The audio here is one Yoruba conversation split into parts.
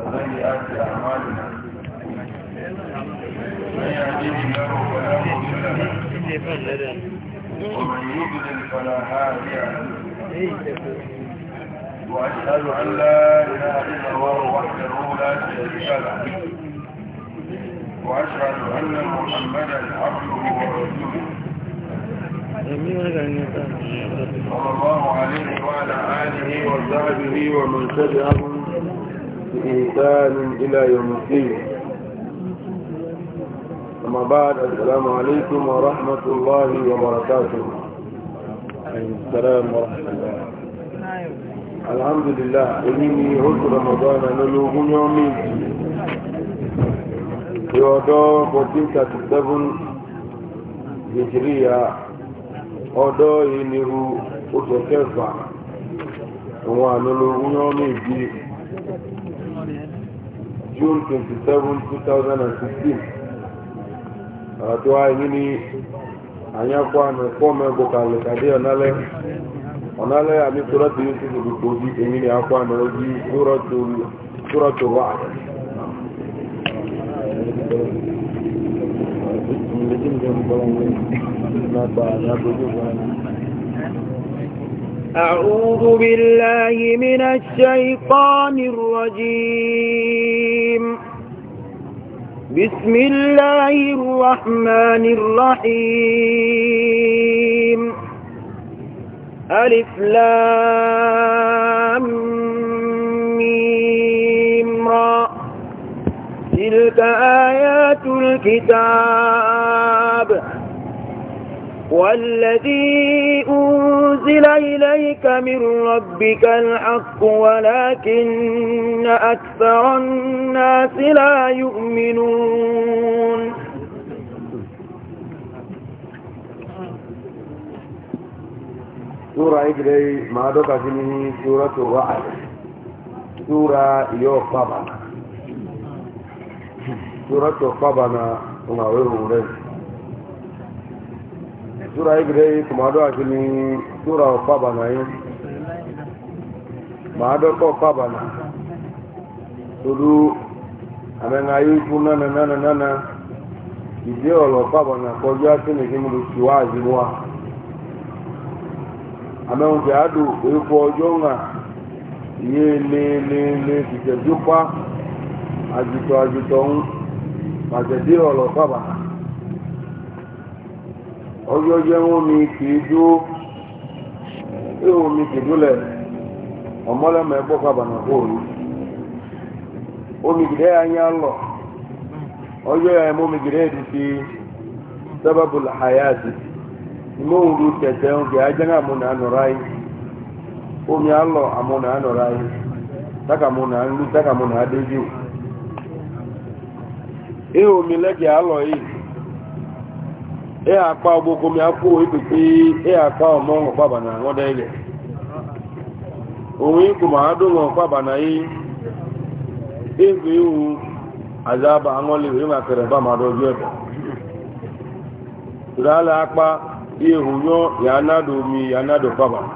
وسيئات أعمالنا من يهديه الله فلا مضل له ومن يضلل فلا هادي وأشهد أن لا إله إلا الله وحده لا شريك له وأشهد أن محمدا عبده ورسوله صلى الله عليه وعلى آله وصحبه ومن تبعهم بإحسان إلى يوم الدين أما بعد السلام عليكم ورحمة الله وبركاته السلام ورحمة الله الحمد لله إني هدر رمضان نلوه يومي يوضو 1437 هجرية ọdọ́ ìnirú oṣù kẹfà àwọn àmì ológun yọ́ méjì June twenty seven two thousand 27, 2016 àti wá yìí ní àyànkọ́ àmì fọ́ọ̀mù ẹgbò kalẹ̀ kàdé ọ̀nálẹ́ ọ̀nálẹ́ àmì tọ́rọ̀tì yóò ti dìbò tó di èmi ní akọ́ àmì ojú tọ́rọ̀tì wà. Thank you. أعوذ بالله من الشيطان الرجيم بسم الله الرحمن الرحيم ألف لام ميم را تلك آيات الكتاب والذي أنزل إليك من ربك الحق ولكن أكثر الناس لا يؤمنون سورة إجري ما دوك جنه سورة الرعد سورة يوقبنا سورة يوقبنا وما ويرو sura igire kumado akini sura ọfabana yi maadọkọ ọfabana todu amẹnga yi ku nana nana nana ìdí ọlọ ọfabana kọjú akini kí mo lè tù wá àyè wa amẹnga tí a do eku ọjọ ńà yé lélẹlẹ tìtẹjú pa àjùtọ àjùtọ ń pàtẹ dí ọlọ ọfabana. ọjọ́ wọn mi kì í dúró ihò mi kì í dúlẹ̀ ọmọlẹ́mọ̀ ẹgbọ́ kàbànà fóònù omi gìdẹ́ anyị lọ ọjọ́ ya ẹmọ omi gìdẹ́ ti fi sábàbù àyàtì ìmọ̀ tẹ̀tẹ̀ oge ajẹ́nà àmúnà ànọ̀rọ̀ ayé omi alọ àmúnà ànọ̀rọ̀ ayé àdéjú mi alọ yìí. e akpa ogboko mi akpụ ikpekpe e akpa ọmọnwụ na nwọda ile onwe ikwu ma adụghọ kpabana yi egwu iwu azaba aṅụliwe ịmakere ba ma dozi ebe tụrụala akpa ihunyo ya anado mi ya anado kpabana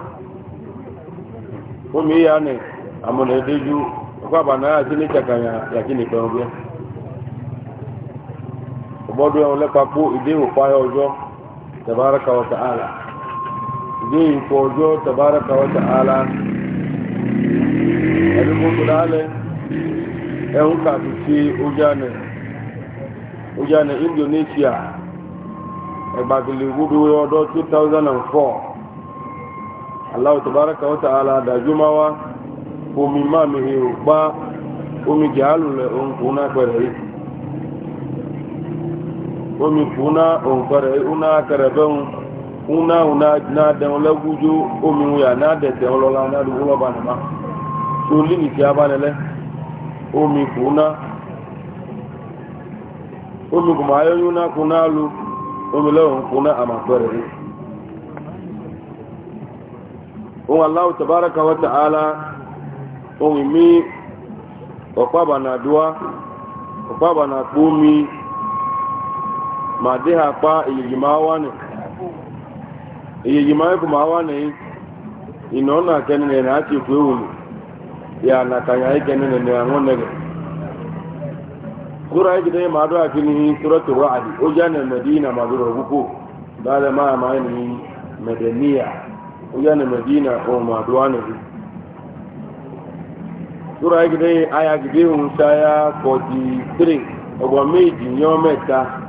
ụmụ ya amụna edeju ya ka ya ọbịa bọ́dọ̀ ẹ̀wọ̀n lẹ́pàpọ̀ ìdí ìwòpáyà ọjọ́ tabaraka wa ta'ala ìdí ìwòpá ọjọ́ tabaraka wa ta'ala ẹni mo tó dálẹ̀ ẹ̀hún kàtó sí ojànà Indonesia ẹgbàgbìlì wúdú ọdọ́ 2004 aláwọ̀ tabaraka wa ta'ala dàjúmáwá omi máa mìíràn gbá omi jàálù lẹ̀ òun náà pẹ̀lú yìí omi funa òǹkọrẹ una kẹrẹbẹun una una n'adẹun lẹgúdjó omi wuya n'adẹtẹun lọla n'adùnkú lọba na tó líni tí a bá nílẹ omi funa omi kùmà kuna lu omi lẹwọn kuna àmàkọrẹ yìí. ohun aláwọ tabaraka wa ta'ala mi ma dị ha kpa iyejima ekwu ma awa na ịnọ na na achị kwu wuru ya na ka ya ikenene na anwụ nege sura yake dai ma doa kini suratul ra'd o madina ma duro buku dala ma ma ni madaniya o na madina o ma doa ne anyị 43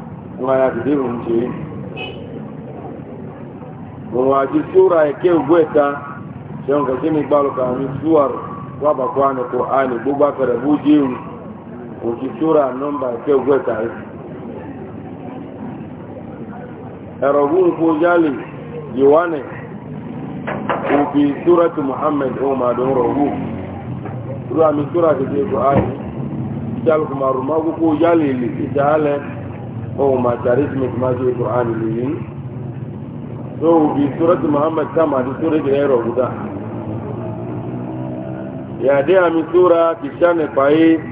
nwaya bidiru nje waji sura yake ugweta shan ka kimi balo ka ni suwar wa ba kwa ne qur'ani bugba kare buji uji sura nomba yake ugweta erogun ko jali yiwane ubi suratu muhammad o ma don rogu sura mi sura ke qur'ani jal kuma rumagu ko jali li jale ohun mataris mai kuma zai ƙur'ani ne yi so bi suratu muhammad kama da sura oh, da yaro guda ya dai ami sura kishane faye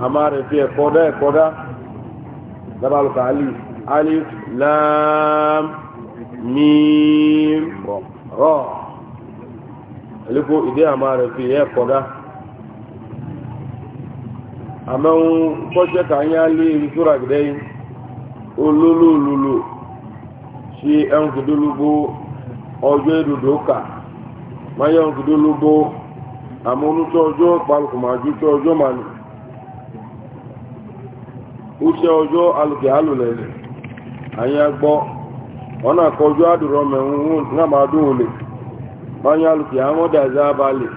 amma rafi koda ya koda da ba ka ali alif lam mim ro aliko ide amma rafi ya koda amma ko sheka an yi ali sura gidai olólò lòlò ṣe ẹnkùdólógbó ọjọ èdòdó kà máyé ẹnkùdólógbó àmọ́nútọ́ ọjọ́ palùkùmájú tó ọjọ́ màní uṣẹ́ ọjọ́ alùkẹ́ alùlẹ̀lẹ̀ àyẹ́ gbọ́ ọ̀nà àkọjọ́ àdúrọ̀ mẹ́rin náà máa dùn olè máyé alùkẹ́ àwọn dàzá balẹ̀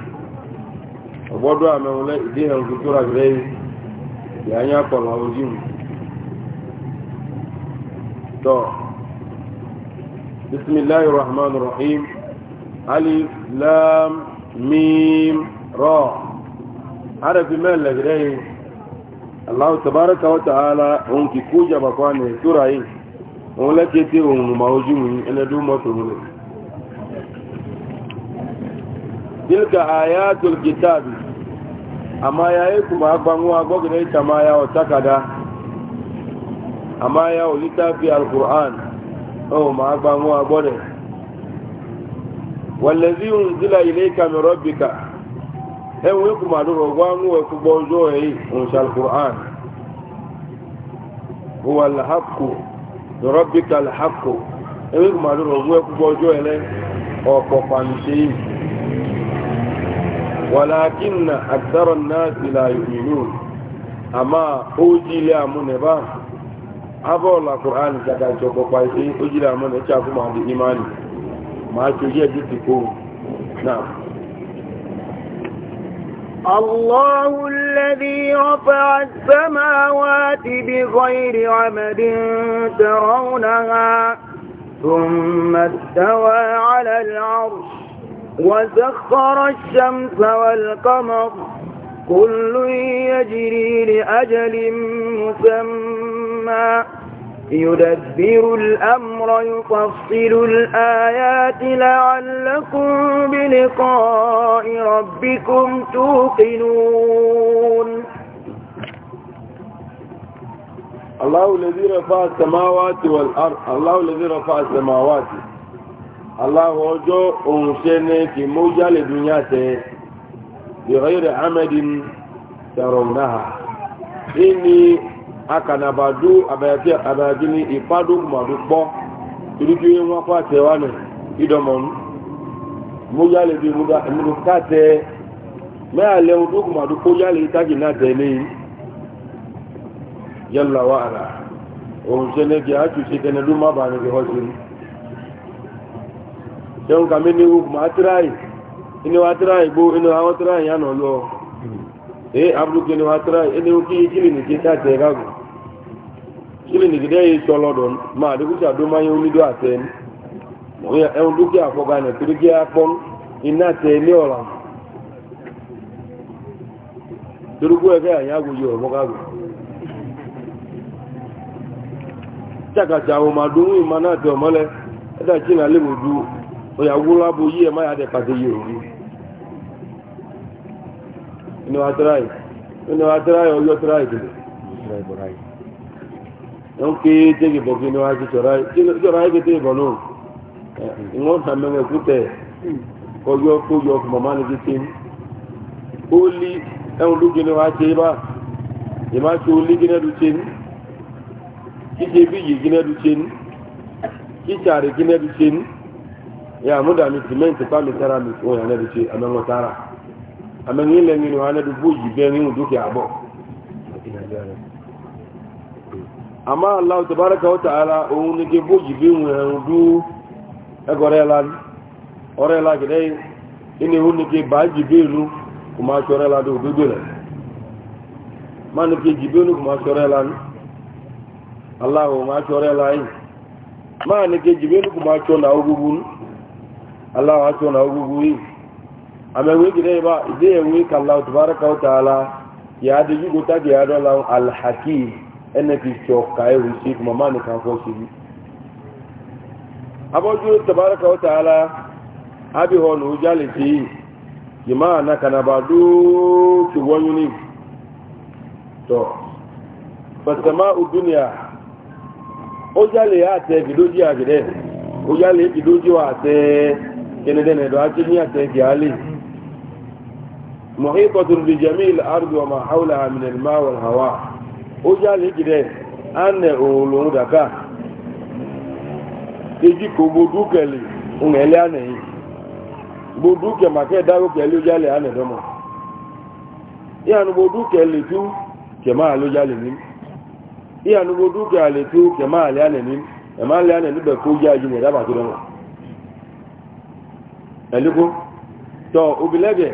ọgbọ́dọ̀ àmẹ́rin lẹ́ ìdí ẹnkùdóra rẹ̀ yìí àyẹ́ pọ̀lọ̀ ojú mi tọ́ bisimilahi rahman rahim alif lam mim ra arafi mẹ́lẹ̀ gẹ́rẹ́ allahu tabaraka wa ta'ala òun kì kú jaba kwa ní ìtura yìí òun lẹ́kẹ́ tí òun ma ojú mi ẹlẹ́dún mọ́tò rẹ̀ tilka ayatul kitabi amma yayi kuma gbanwa gogire ta ma ya àmá ya olítà fi alkùrán ọ̀hún máa gba wọn agbọ́dẹ̀ wàlẹ́sí ń sílẹ̀ ilé kàmẹ́rọ́ bìkà ẹ̀wọ̀n ikú màá dúró wá ń wọ̀ ẹ̀kúgbọ́ ojú ẹ̀yìn ń ṣe alkùrán wà láhàkù dọ̀rọ̀ bìkà láhàkù ẹ̀wọ̀n ikú màá dúró wọ́n ẹ̀kúgbọ́ ojú ẹ̀lẹ́ ọ̀pọ̀ pàǹṣẹ́ yìí wàlákìnnà àtàrọ̀ náà sì àmà ó jí ilé àmúnẹ̀ abọ́ọ̀lá kùránì kàkà ìjọpọ̀ pàṣẹ ó jìlá mọ́nà ẹ̀kí àkúmọ̀ àti ìmáàlì máa tó yẹ́ bí ti náà الله الذي رفع السماوات بغير عمد ترونها ثم استوى على العرش وسخر الشمس والقمر كل يجري لأجل مسمى يدبر الأمر يفصل الآيات لعلكم بلقاء ربكم توقنون الله الذي رفع السماوات والأرض الله الذي رفع السماوات الله وجو أنشني في موجة لدنيا بغير عمد ترونها إني akanabado abayati abayagini ìfádó màdó madu ìdíjú yẹn wọn kọ́ àtẹ wa nù ìdọ̀mọ̀nù mójá lè bi múdò káàtẹ mẹ́à lẹ́wọ̀n tó kù màdó kójá lè tájì náà tẹ̀lé yìí yálà wà àrà òun sẹ́nẹ́ kí àtúnṣe kẹ́nẹ́ ló má bàa nìkẹ́ họ́ sí i sẹ́wọ̀n kàmí ni wọ́n kùmà á tíráyì inú wa tíráyì gbó inú wa tíráyì yánà lọ ee abúlé kí inú wa tíráyì inú kí kí ni nìkẹ́ káàtẹ káàkùn kílíníkì dẹ́ yìí tọ́ lọ́dọ̀ máa dúkìá dó máa yẹ onídó àtẹ ní ẹ̀hún dúkìá àfọ́gá ní dúkìá pọ́n iná tẹ ní ọ̀la dorúkú ẹ̀fẹ́ àyàgò yọ ọ̀bọ́gàgò tíakàtà àwọn ọmọ adóhùn ìmọ̀ náà tẹ ọ̀mọ́lẹ̀ ẹ̀dá tí ìnà lè mọ̀ ju ọ̀yàwó lábo yí ẹ̀ má yà dẹ̀ pàṣẹ yìí òru inú wa tíráì inú wa tíráì ọjọ́ tíráì kìlọ̀ nke tegi bɔ kini wa jɔra jɔra eke tegi bɔ n'o ŋo na mɛmɛ kutɛ kɔjɔ kɔjɔ mama ni kiti oli ɛn du kini wa tse ba ima tse oli kini du tse yi kini du tse kitsari ya muda mi simenti pa mi mi o yana du ame ame ŋi ŋi yi bɛ ŋi amma allah tabaraka wa ta'ala òun ni kí bójì bí wọn ẹ̀rùn dú ẹgọrẹ́lá ọrẹ́lá gẹ̀dẹ́ inú òun ni kí bájì bí ìlú kò máa ṣọrẹ́lá dé òdúgbò rẹ̀ má ní kí jìbí ìlú ma máa ṣọrẹ́lá ní allah ò máa ṣọrẹ́lá yìí ẹnẹ kì í ṣe ọkà ẹwù ṣe kì màmá nìkan fọ́ ṣe bí. abọ́jú tabaraka wa ta'ala abihọ nù jálè sí i jìmá àná kanaba dókè wọ́nyún ní tọ́ fẹsẹ̀má òdúnìyà ó jálè àtẹ gidójì àgìdẹ́ ó jálè gidójì àtẹ kẹnẹdẹ́nẹdọ́ àti ní àtẹ gìálè. محيطة بجميع الأرض وما حولها من الماء والهواء ó yálé jìdẹ̀ ánẹ̀ òòlùn dàkà èjì kò gbodú kẹlì ń ẹlẹ́ yìí gbodú kẹmàkẹ́ dáwó kẹlì ó yálé ánẹ̀ dọ́mọ̀ ìyànú gbodú kẹlì tú kẹmà ló yálé ní ìyànú gbodú kẹlì tú kẹmà lé ánẹ̀ ní ẹ̀mà lé ánẹ̀ níbẹ̀ kó yá ju nìyẹn dábàá tó dọ́mọ̀ ẹ̀lẹ́kọ́ obìnrin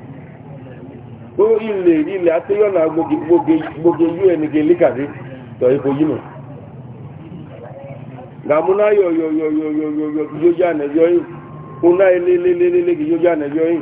ó ilẹ̀ ilẹ̀ atẹ́yọ̀nà gbogbo un gẹ̀lẹ́kàrí tọ̀ ipò yìí nù gàmúná yọ̀yọ̀yọ̀yọ̀yọ̀ kì yóò jẹ́ ànẹ́jọ́ yìí kúná ilélélélélé kì yóò jẹ́ ànẹ́jọ́ yìí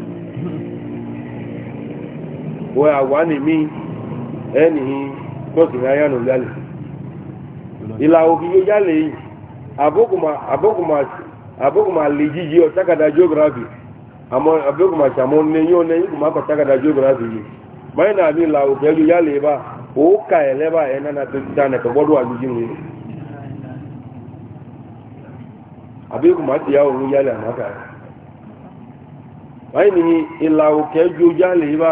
wọ́n àwà ní mí ẹni tọ́sí ní ayánù yálẹ̀ ìlà òkè yóò yálẹ̀ yìí àbókùnmà lè jíjí ọ takada geography àmọ́ àbókùnmà sàmọ́ ní yóò ní ìkùnmà kọ takada geography yìí báyìí náà ní ìlà òkè yóò yálẹ̀ bá ó kà ẹ̀ lẹ́bà ẹ̀ nánà tó ti dáná kẹ́gbọ́dọ̀ àjíjí mi báyìí ní ìlà òkè yóò yálẹ̀ bá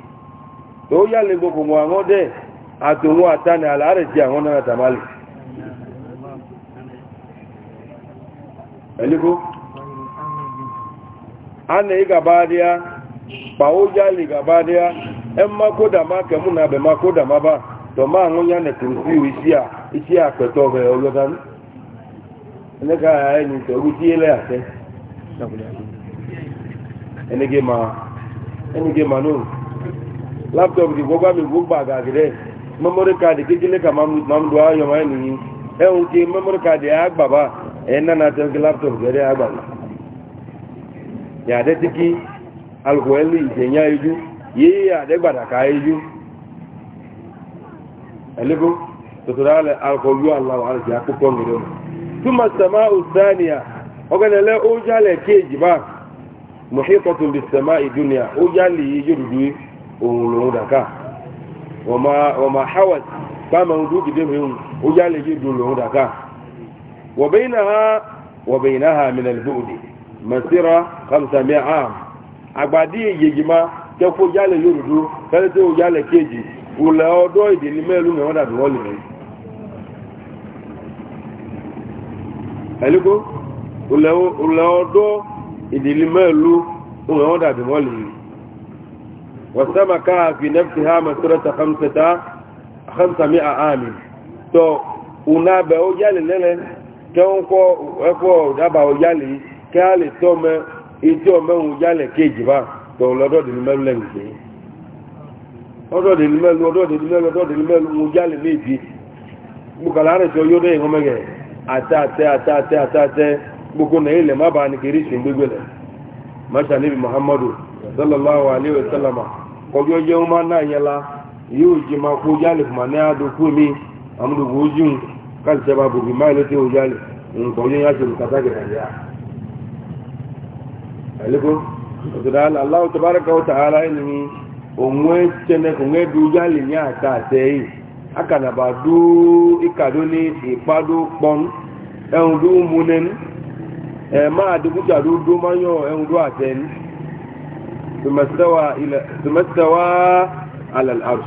ó yà lè gbogbo wọn àwọn dẹ àtòwọn àtàní àlàárẹ̀ tí àwọn náà tàbálì ẹ̀lẹ́gbó ana yi gaba daya ba ó lè gaba daya ẹn má kó dàmá kẹmú náà bẹ̀ má kó dàmá bá tọ̀ máa ń yà nẹ̀ kùrù sí ìwé sí à ẹni laptop di gbogbo àmì gbogbo àgàgìrẹ́ memory card kékeré ka mamdu ayọ̀ máa nìyí ẹ̀hùn e kí memory card yà agbaba ẹ̀ e na tẹ́ kí laptop gẹ̀rẹ́ ya yàdẹ́ tí kí alùpùpù ẹ̀lú ìjẹ̀yà yi ya yàdẹ́ gbàdàkà ijú ẹ̀lẹ́gbó tòtòrò alẹ́ alùpùpù aláwọ̀ òun lòun dàkà wọ̀mà howard báàmà ń dúkì dé mìíràn ó yá lè yé dùn lòun dàkà wọ̀bẹ̀yìn náà wọ̀bẹ̀yìn náà mìíràn bóòdì mẹ̀síra kàmsàmì àm àgbàdì yèyí má kẹ́kọ̀ọ́ yá lè yóò dúdú kẹ́lẹ́ tí ó yá lè kéèjì òlẹ̀ ọdọ́ ìdílé mẹ́lú mẹ́wọ́n dàbí wọ́n lè rẹ̀ ẹ̀lẹ́kọ́ òlẹ̀ ọdọ́ ìdílé mẹ́lú mẹ́wọ́n dàbí wọ́n lè rẹ̀ wasamaka fi nafsiha masirata khamsata khamsa mi'a amin to una be o yale lele ke on ko e ko daba o yale ke ale to me iti o me un yale keji ba to lodo de ni melu lenje odo de ni melu odo de ni melu odo de ni melu un yale meji bukala re ata ata ata ata ata ata buku na ile mabani kirishi ndugbele masha nabi muhammadu sallallahu alaihi wasallama kọjọ́ jẹ́ ọmọ náà yẹla yóò jẹ máa kó jálè fún àní àdókù mi àmúdògbò ojú káàkiri sábà bòbí máa lé tí ó jálè nǹkan yóò yá sọ̀rọ̀ kàtà gẹ̀rẹ̀ ya àlékún ọ̀tọ̀dá aláwọ̀ tọ́bárẹ́kà ọ̀tà ara ẹni ni òun ẹ̀ tẹ́lẹ̀ kò ń ní àtà akànàbà ìkàdó ní ìpadó pọ́n ẹ̀hùn dó ẹ̀ máa dó dó ẹ̀hùn dó ثم استوى إلى ثم استوى على العرش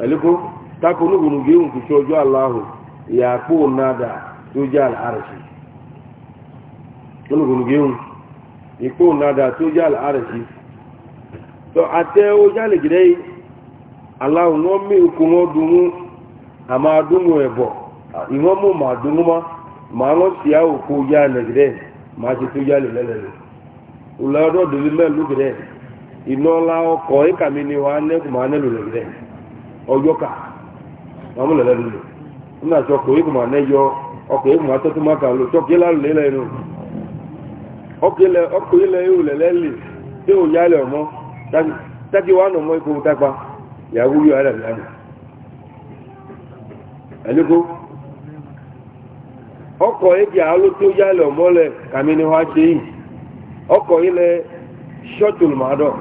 ألكو تكونوا بنجيهم في شوجو الله يكون نادا توجع العرش تكونوا بنجيهم يكون نادا توجع العرش تو أتيو جالي جدي الله نومي يكونوا دومو أما دومو يبو إمامو ما دومو ما ما نوسيا وكوجا ụlọrụ ọdụli melu gịrị ịnọla ọkọ ịkami e ni wa ne kuma ne lulu gịrị ọjọ ka mamu lele lulu nna ọkọ ịkuma e ne yọ ọkọ ịkuma tọtụ maka lulu tọkọ ịla lulu ịla ịnụ ọkọ ịla ịwụ lele o ọmọ e taki wa nọ mọ takpa yàgò ara mi ọkọ ọkọ̀ ilẹ̀ ṣọ́ọ̀tù lùmọ́dọ̀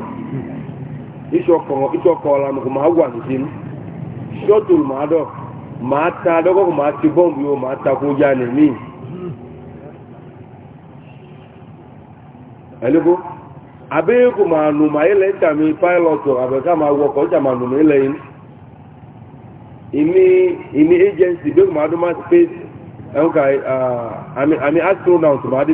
ìṣọ̀kọ̀ ọ̀làmùkù máa wà nìṣẹ́ ní ṣọ́ọ̀tù lùmọ́dọ̀ máa ta dọ́gọ́kù máa ti bọ́ǹbù yóò máa ta kó já ní mí. ẹ̀lẹ́gbọ́ àbẹ́yẹ́kù máa nù máa ilẹ̀ ìtàmì pilot àbẹ̀ká máa wọkọ̀ ìtà máa nù ilẹ̀ yìí ìní ìní agency bẹ́ẹ̀ máa dún máa space àmì astronaut máa dé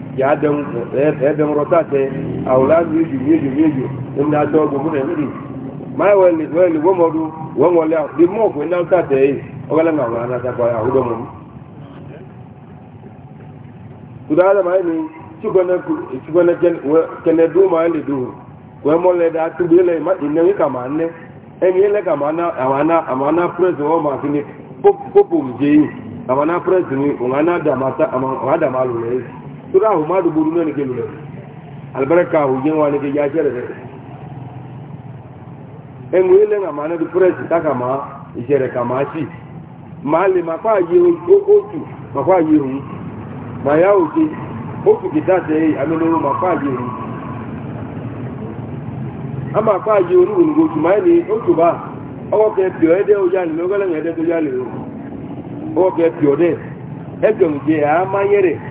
ya dem eh, eh, dan rota te awladu yeju yeju yeju dum da ndị go mun ni mai wali wali wo modu wo wali di mo ko na ta te o na wana ta ko ya hudo mun kudala mai ni chugona chugona du du da ma kama kama na ama ma fini popo tura ahu ma dubu duniya ne ke lura albarka ahu yin wani ke eh, oh, oh, oh, hmm. ya kere da en wo ile nga mana du press ta kama ijere kama si ma le ma kwa ye o o tu ma pa ye hun ma ya o ke o tu te ta se amelo ma pa ye hun ama kwa ye o ru ngo tu ma ni o tu ba o ke pio ede o ya ni lo gele ede to ya le o o ke pio de e gbe a ma yere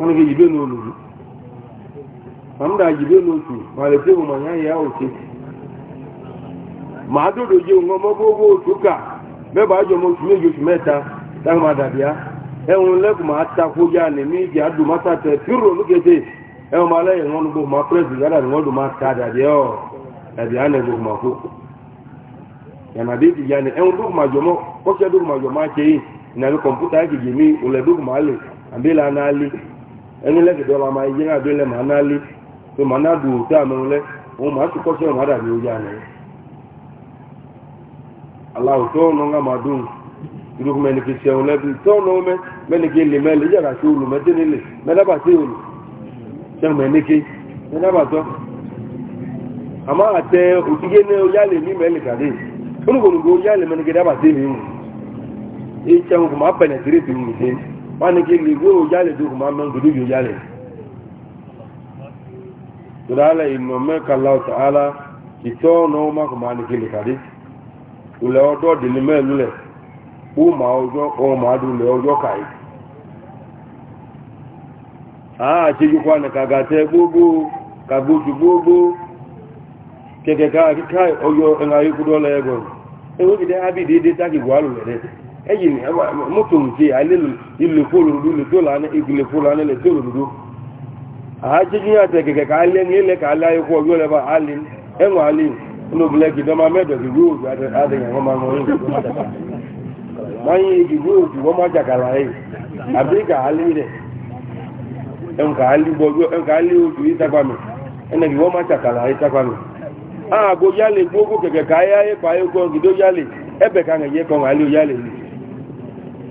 wani ga jibe no lulu am da jibe no tu ma le te ma nya ya o ti ma do do je ngo mo gogo tuka be ba jo mo tu me jo meta ta ma da bia e ta ko ni mi ja du ma ta te tiro lu gete e o ma le e won go ma ni won du ma ta da bia o e bia ne go ma ko ya na de ti ya ni e won du ma jo mo ko se du ma jo ma ke yi na le computer ki je mi o le du ma le ẹni lẹ́gẹ̀dẹ́ ma yí lé tó dùn lẹ́ ma ojú àná yẹn. aláwọ̀ dùn lẹ́bi ọmọ mẹ́ni lè mẹ́lẹ̀ yàrá sí olù mẹ́tẹ́ nílẹ̀ mẹ́lábà sí olù ṣẹ́un mẹ́ni kì tọ́. àmọ́ àtẹ òtúgé ní oyálè ní mẹ́lẹ̀ kàdé oyálè wani ke le gbóò jálè tó kùnmá mẹ́ gbòdú yóò jálè tòdá alẹ́ ìmọ̀ mẹ́kànlá ọ̀tà ala ìtọ́ ọ̀nà ọmọ kùnmá ni ke lè kàdé ìlẹ̀ ọdọ́ dìní mẹ́lúlẹ̀ ó mà ọjọ́ ọmọ adúlẹ̀ ọjọ́ kàí àá gbogbo kàgbójú gbogbo ẹ̀yìn ni mọ́tò ń ṣe alẹ́ ilé fóònù lòdù lè tó lánà ìgbìlẹ̀ fóònù lè tó lòdù. àhájíjú yà tẹ̀ kẹ̀kẹ́ kálẹ̀ ní ilẹ̀ kálẹ̀ ayọ́kọ́ ọjọ́ lẹ́bà alẹ́ ẹ̀wọ̀n alẹ́ olóbìnrin kìdọ́ máa mẹ́dọ̀ kì yóò ju adẹ̀yìn wọn máa wọ́n má yálè yálè yìí.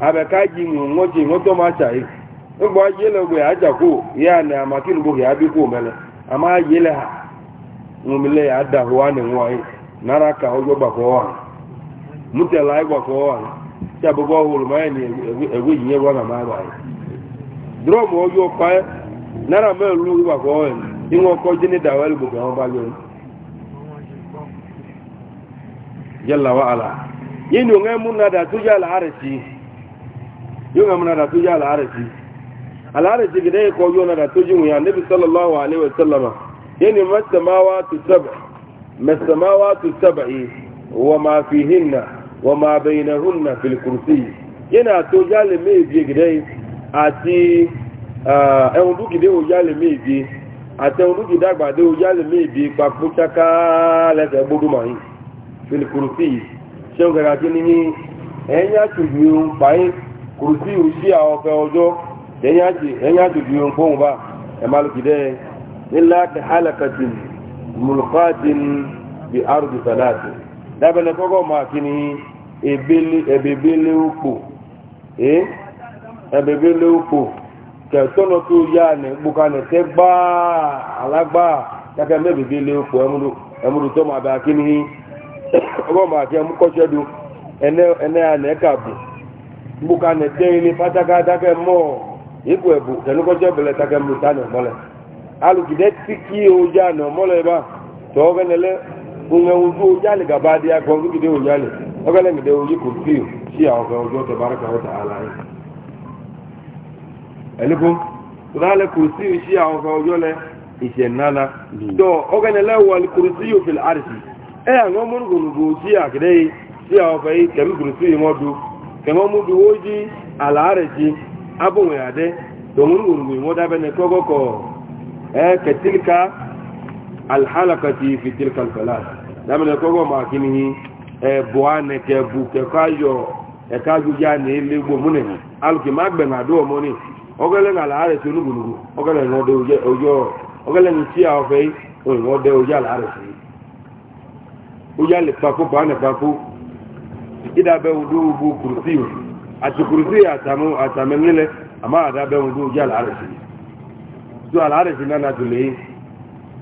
abeka ji nwe nwoke nwoke ọma achaghị mgbe a ya ajakwo ya na amaka ilugbo ya abịkwa omele ama jiele ha nwomele ya adahụ a na-enwe anyị nara ka ụjọ gbakọ ọha mutela anyị gbakọ ọha chabụgo ọhụrụ manya na egwe ji nye gwa na ma agbaghị drọm ọjọ pa nara m elu gbakọ ọha inwe ọkọ ji na dawa elugbo ka ọ gbalị jalla wa ala yin onwe mụ na da tuja la arasi yóò hàn múnadà tó yá àlàárẹ̀sí àlàárẹ̀sí gẹ̀dẹ́ ikọ̀ yóò nàdà tó yíwò yá níbi sallallahu alaihi wa sallama yé ni mẹsàmáwá tó sẹ́bà mẹsàmáwá tó sẹ́bà yìí wọ́n máa fi hinna wọ́n máa bẹ̀yìn náà hunna filikurusí yìí yé ni àtó yá kùrùsí òsí àwọn ọ̀fẹ́ ọjọ́ ẹ̀yìn àjòjì ohun bá ẹ̀mà lókìdẹ́ nílá ti hálàkàtì mùlùkàtìn bí arùdù sàláàtì dábẹ̀lẹ̀ kọ́kọ́ máa kí ni ẹ̀bẹ̀bẹ̀lẹ̀ òpó kẹ̀tọ́nà tó yá ní gbùkanẹ̀ tẹ́ gbáà alágbáà kẹ́kẹ́ mẹ́bẹ̀bẹ̀lẹ̀ òpó ẹmúdù tó máa bá kí ni ọgbọ́n máa kí ẹmú kọ́ṣẹ́dù ẹnẹ́ ànẹ́kàbù mbuka ne teyini pataka take mo iku ebu tenukɔtsɛ bele take muta ne mɔlɛ alu tiki odza ne mɔlɛ ba tɔwɔ ke ne lɛ ŋɛŋu du odza le gaba di le oyi ko fi si awo ke odzo te ba yi le kurusi si nana ne kurusi si akide si yi kẹmọ́ mú dúwó jí àlàárẹ̀ ala abúnwẹ̀ àdẹ́ tòun rúrùrù wọ́n dábẹ́ ní kọ́gọ́kọ́ ẹ kẹtílíkà alhálàkàtì fìtílíkà kọlá dábẹ́ ní kọ́gọ́ máa kí ni ẹ bọ́ á nẹ kẹ bu kẹkọ́ ayọ̀ ẹ̀ka gbígbá a ọ̀fẹ́ òyìnbó ọdẹ ọjọ́ àlàárẹ̀ idabe udu bu kursi ati kursi atamu atamengile ama adabe udu jal arashi so al arashi na na tule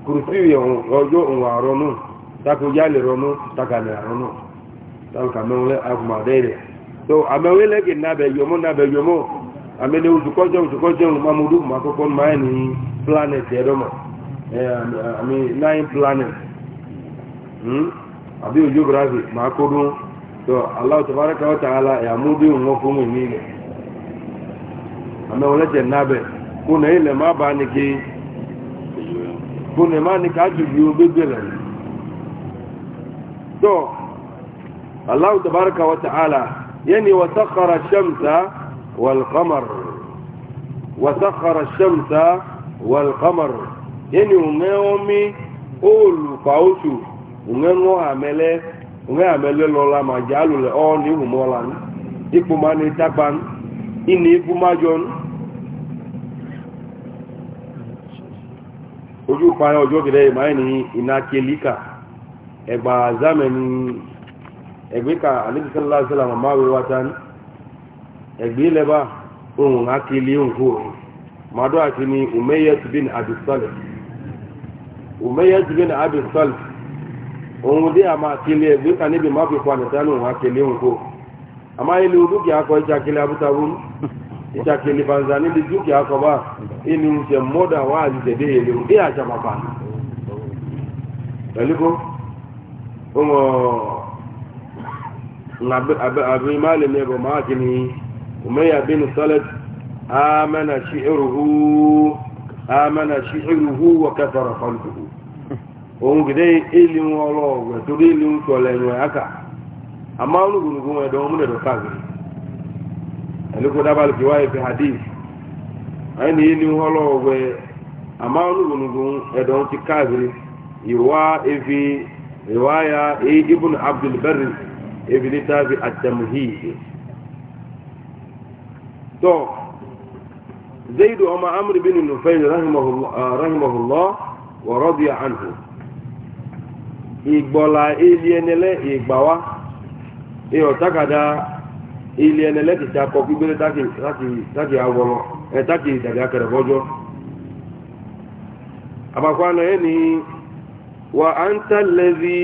kursi yo ojo nwa ronu taku jali ronu takani ronu so yomo yomo amene planet e, ami nine planet hmm geography so allah tabaraka wa ta'ala ya mudi un ko mu ni ne amma wala jannabe ko ne ile ma ba ni ki ko ne ma ni ka ju bi o gbele so allah tabaraka wa ta'ala yani wa sakhara ash-shamsa wal qamar wa sakhara ash-shamsa wal qamar yani umeomi olu pa osu umengo amele nwe amele lọla ma ji alụle ọ na ihumola ikpụma na ịtakpa ịna ikwu majọ ojú parí ọjọ́ gẹ̀rẹ́ ìmáyé ní ìnákelíkà ẹgbà zámẹ̀ ní ẹgbẹ́ka alẹ́bíkẹ́lá màmá wẹ́ wáta ní ẹgbẹ́ lẹ́bà ohun akeli òǹkó màdọ́ àti ní umeyyat bin òun dé àmà àkílẹ̀ ẹ̀gbẹ́ kàníbì má fi pàdé sánú òun àkílẹ̀ òun kó àmà ilé dúkìá kọ ìṣàkílẹ̀ abútabú ìṣàkílẹ̀ bàǹzà níbi dúkìá kọ bá inú ṣe mọ́dà wà àdìdẹ̀dẹ̀ èlé òun dé àjàmàbà pẹ̀lú kó ọmọ àbímálẹ̀ mẹ́bọ̀ máa kí ni umayya bin salat amana shi'iruhu amana shi'iruhu wa kafara qalbuhu òun gèdè èlì ń wọ́n lọ́wọ́ torí èlì ń tọ́lẹ̀ ẹ̀nu ẹ̀yáka àmọ́ olùgbòǹgbò wọn ẹ̀dọ́ ọmọdé dọ̀ káàkiri ẹ̀lẹ́kọ̀ fi hadith ẹni èlì ń wọ́n lọ́wọ́ àmọ́ olùgbòǹgbò ẹ̀dọ́ ti iwa ìwá efi ìwáyà e ibu abdulbari efi níta fi àtẹmuhìí tó zayidu ọmọ amúribínú nufẹ́ rahimahullah wọ́n igbola elienele igbawa ìyọ̀takàdá elienele lẹ́tì tí a kọ gbígbélé tákì awọmọ ẹ̀ tákì ìdàgbé akẹrẹ̀bọ́jọ́ àbàkwá náà ẹni wà á ń tàlẹ́bí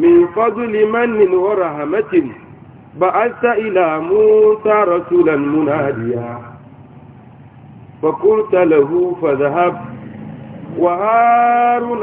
mìfọ́dúlì mẹ́ni wọ́rọ̀ hàmẹ́tì bá á sá ilà mú sáàrọ̀ túlẹ̀ múnà àdìyà فقلت له فذهب وهارون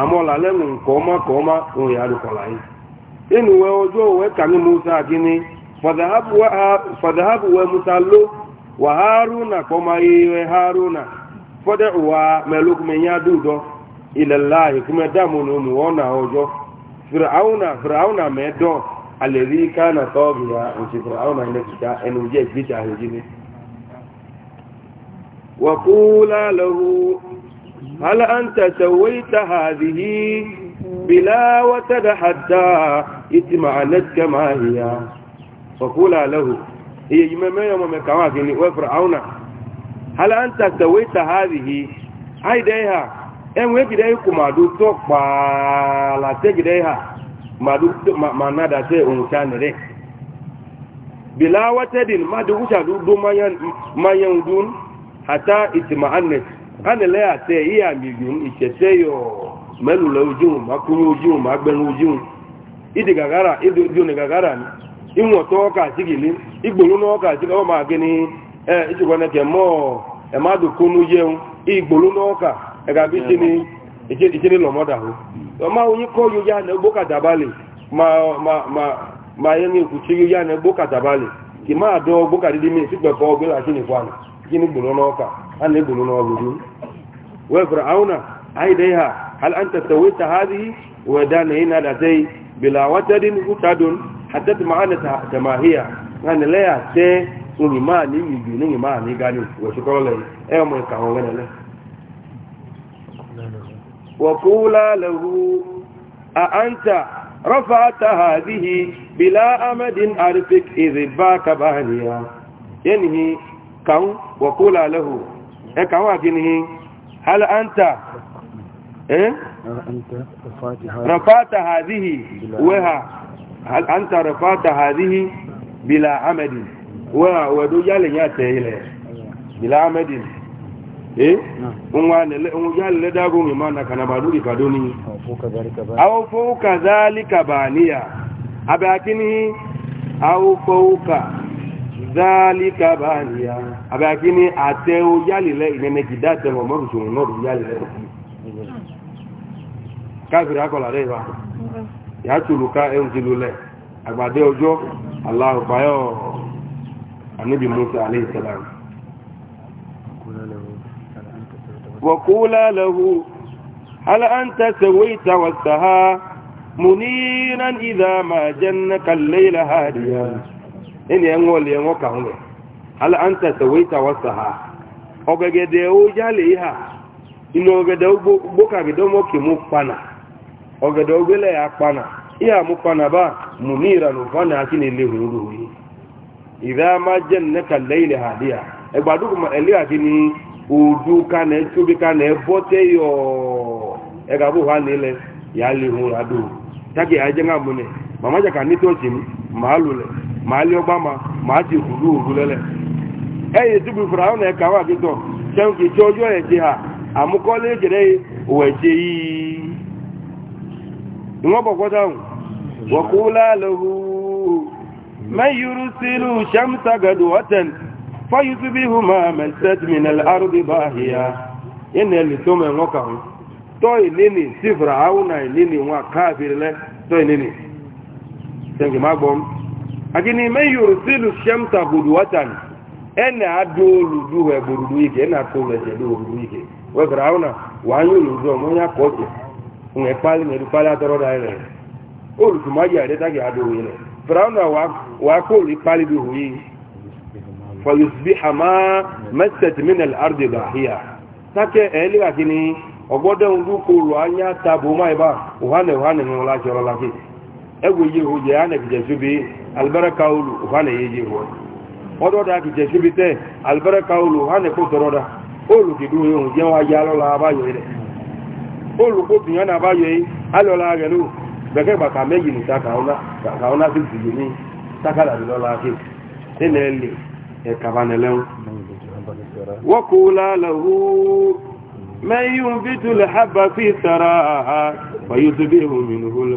àmọ́ làlẹ́nu kọ́ọ́má kọ́ọ́má òun yà lù kọ̀lá yìí inú wẹ ọjọ́ òwe kàmí musa gíní fàdáhàbù wẹ musa ló wà hárúnà kọ́ọ́má yìí wẹ hárúnà fọ́dẹ̀ wà mẹ́lúkùmẹ́yà dùdọ́ ilẹ̀ láàyè kúmẹ́ dààmú lọ́wọ́ هل أنت سويت هذه بلا وتد حتى اتمعنت كما هي فقولا له هي يمما يوم كواكني وفرعون هل أنت سويت هذه هاي ديها ان ويكي ديه كما دو توقبا لا تيكي ديها ما دو ما نادا تي انشان ري بلا وتد ما دو وشا دو دو ما ين دون حتى اتمعنت ana le ate iya miyun ichese yo menu le ojun ma kuru ojun ma gagara ni inwo to ka sigili igbolu no ka sigili o ma gini na e ma du kunu yeun igbolu no ka bi sini ni lo moda ho o ma oyin ya na gbo kadabale ma ma ma ma ni ku na gbo gbo gini gbolo n'ọka a na-egbolo n'ọgụgụ wee fir'auna aidaiha hal anta sawaita hadhihi wa dana ina da tai bila watadin utadun hatta ma'ana tamahiya ngani le ya te ngi ma ni ni bi ni ma ni gani wa shukolo le e mo ka ho ngene le wa qula lahu a anta rafa'ta hadhihi bila amadin arfik idh baka bahniya yanhi kan وقولا له اكا واكنه هل انت ايه رفعت هذه وها هل انت رفعت هذه بلا عمد وها ودو يالي ياتي بلا عمد eh unwani le dago mi mana kana baduri kadoni au fauka dhalika baniya abakini au fauka zalika baniya abaki ni ateo yalile inene kidate ngo moru so no yalile kafiri akola re ba ya tuluka enzilule agbade ojo allah bayo anabi musa alayhi salam وقولا له هل أنت سويت والسها منيرا إذا ما جنك الليل هاديا eni enwo le enwo ka ala anta sawaita wasaha ogegede o jale iha ino ogede ogbo boka gedo mo mu pana ogede ogbele ya pana iya mu pana ba munira no fana akini le huru yi idha ma jannaka layl hadiya egbadu kuma eliya kini odu ka na kana bote yo egabu ha nile ya mama ni ma alị ọgbama ma a ji kwuru ogolele eyi tupu fụrụ ahụ na-eka nwa gịtọ chi ọjọọ eji ha amụkọla ejere ya uwe chi iyi nwa gbọkwọta ahụ wakụla alụhụ mayuru silu shamsa gado ọten fayusubi huma melset minel arụbi bahia ị na-elito ma nwoke ahụ tọ́ ìníni sí fìràáwùnà na wọn káàfin lẹ́ tọ́ ìníni ṣe n kì máa gbọ́n akini man yursilu shamsa hudwatan ena adulu duwe ike ena kule je duwe ike we brauna wanyulu do monya kote unge pali ne pali atoro da ile olu tumaji ale taki adulu ile brauna wa wa kuli pali duwe yi fa yusbiha ma massat min al ardi dahiya take eli akini ogodo ndu ko lo anya tabu mai ba uhane uhane ngola joro lakini egwu yehu je ana kijesubi albaraka ulu na yeje ho odo da kijesubi te albaraka ulu na ko da olu kidu yehu je wa ya lola abayo ile olu ko bi yana abayo yi alola gelu beke ba ka meji ni ta kauna ka ona si ni ta ki e wa lahu من ينبت الحب في منه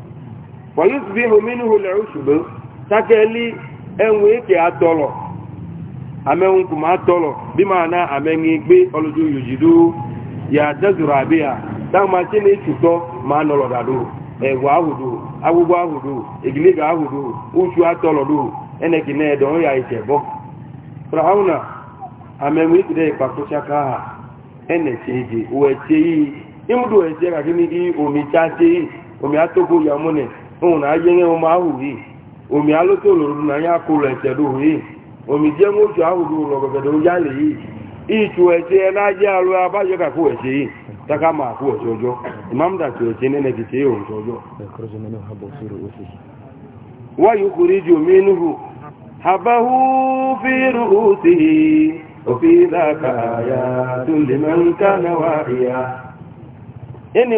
ويصبح منه العشب تكلي انويك اتولو امنكم اتولو بمعنى امنيغبي اولجو يجدو يا تزرع بها تما تشني تشتو ما نلو دادو ewu ahudu agwụgwọ ahudu egiliga ahudu uchu atọlọdu eneki na edo ya ichebo frahauna amenwe ikide ipakucha ka ha eneche iji imudu uwe ka omi ya ohun na yé nye ọmọ yi omi alótó olulu na yá kụrụ lọ ẹ̀tẹ̀ ló omi jẹ́ ń oṣù ahùwì lọ lè yi ìtù ẹ̀tẹ̀ ẹ̀ náà jẹ́ alo abájọ́ kà kó ẹ̀tẹ̀ yìí taka máa kó ẹ̀tẹ̀ ọjọ́ ìmáàmù dàtí ẹ̀tẹ̀ nínú kìtì òun tọ́jọ́. habahu ẹni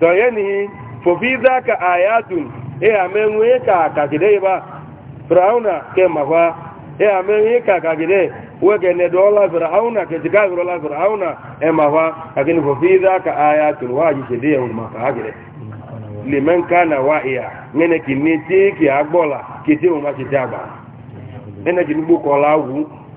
dɔyɛni fofi zaka ka kakide ba firauna ke mafa e amenwe ka kakide wege ne dola firauna ke tika dola firauna e mafa lakini fofi zaka ayatun waji shede un maka agire liman kana wa'iya ngene kiniti ki agbola kiti un ma kitaba kola wu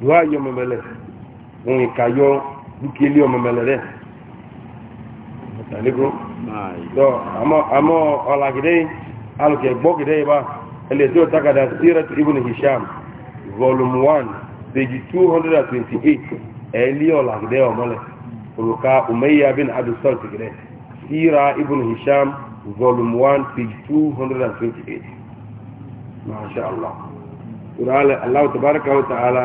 duwa yọ mẹmẹlẹ òun ìka yọ dúkìlì ọmọmẹlẹ rẹ tàlíkù tó àmọ́ ọ̀làgídẹ́ alùkẹ́ gbọ́gídẹ́ yìí bá ẹlẹ́tí ọ̀tàkàdà sírat ibn hisham volume one page two hundred and twenty-eight ẹ̀ẹ́lì ọ̀làgídẹ́ ọmọlẹ̀ òrùka umayya bin abdulsal tìgìrẹ́ síra ibn hisham volume one page two hundred and twenty-eight masha allah. Qur'an Allah tabaraka wa ta'ala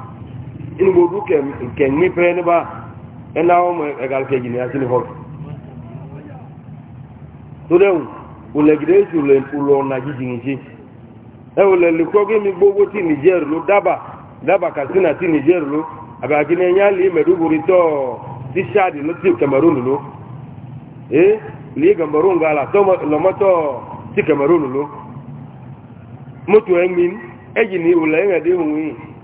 igbodu ke ŋmi pere ni ba ena wo mo egal keji ni asini fo to de un ulegide su ụlọ ulo na jiji ni ji e o le le ko ti niger lo daba daba katsina ti niger lo abi agine nya li meduguri to ti shadi lo ti cameroon lo eh li Cameroon gala to lo moto ti cameroon lo moto engmin eji ni ulo engade hunwi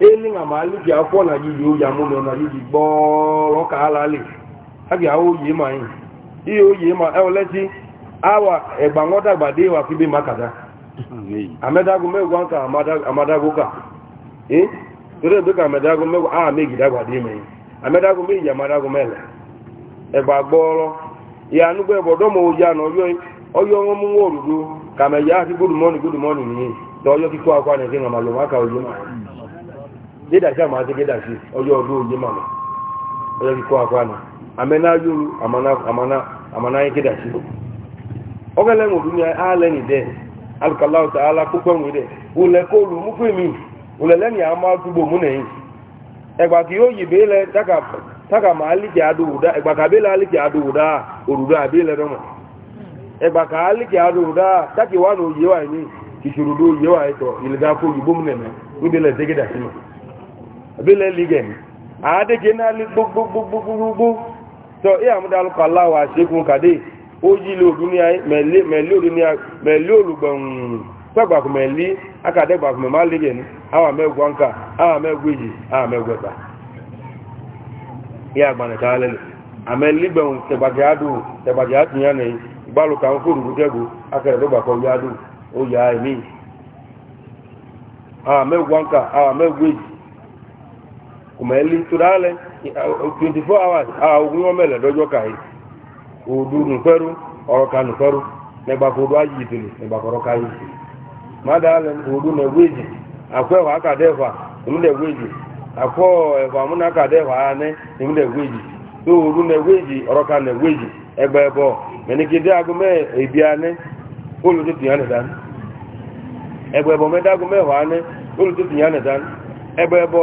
eni nga ma aliki afọ na gị yi oyi amụlọ na ala ji ha ka alali a ga ahụ oyi ma e o oyi e ma awa egba nwọdagba fi ịwa makada amedago megwa nka amadago ka ee toro ka amedago megwa aha megidagba dị ime amedago meji amadago mele egba gbọọrọ ya anụgbo ebodo ma oyi na ọyọ ọyọ ka meja ahụ gudu mọnụ gudu mọnụ n'ihe a ọyọ na eke nga ma gédàṣà máa ṣe gédàṣì ọjọ́ ọdún òye màmá ọjọ́ kíkọ́ àfáàní àmẹ́ná yóò àmàná yín gédàṣì ọgẹ́lẹ́wọ̀n ọdún ni alẹ́ni dẹ́ alùkàláwù tà á lákókò òlẹ̀ kó lù mú pèmí òlẹ̀ lẹ́ni àmà túbọ̀ mú nẹ̀yìn ẹgbà kí yóò yìí bẹ́ẹ̀lẹ̀ tága máa líkì adòwòdá ẹgbà kà bẹ́ẹ̀lẹ̀ alíkì adòwòdá òrùdó àbẹ́ẹ̀lẹ̀ dọ́mà ẹgbà kà wà bílẹ̀ ligẹ̀ àádéje náà lé o ma ní ayé mẹ̀lẹ́ òdú ní ayé mẹ̀lẹ́ olùgbọ̀n pẹ́gbàkù mẹ̀lí akadẹ́gbàkù mẹ̀má ligẹ̀ ní àwọn amẹ́gbọ́ nǹka àwọn amẹ́gbọ́ èjì àwọn amẹ́gbọ́ ẹ̀gbà ẹ àgbànàkà alẹ́lẹ̀ àmẹ́lígbọ̀n tẹ̀gbàkì adùn tẹ̀gbàkì àtìyàn nìyí ìgbàlùkà ń fòrùn kúkẹ́gù akẹ́rẹ̀dọ́gbàkọ̀ yá adùn ó yá ẹ̀mí kùmẹ̀lì turalẹ̀ 24 hours ogun wọn mẹ́lẹ̀ lọ́jọ́ kàí òdu nùfẹ́rú ọ̀rọ̀ ka nùfẹ́rú nẹgbàkọ̀ọ́dọ̀ ayé ìdìlì nẹgbàkọ̀ọ́rọ̀ ka ayé ìdìlì mádàálẹ̀ òdu nẹ̀wéjì àkọ́ ẹ̀wà àkàdẹ́fà ìmúdẹ̀wéjì àkọ́ ẹ̀fà múnà àkàdẹ́fà ayánẹ́ ìmúdẹ̀wéjì tó òdu nẹ̀wéjì ọ̀rọ̀ ka nẹ̀wéjì ẹgbẹ́ ẹbọ mẹnikẹ́dẹ́ agomẹ́ èbí ayánẹ́ olùdó tìyàn nẹ̀dán ẹgbẹ́ ẹbọ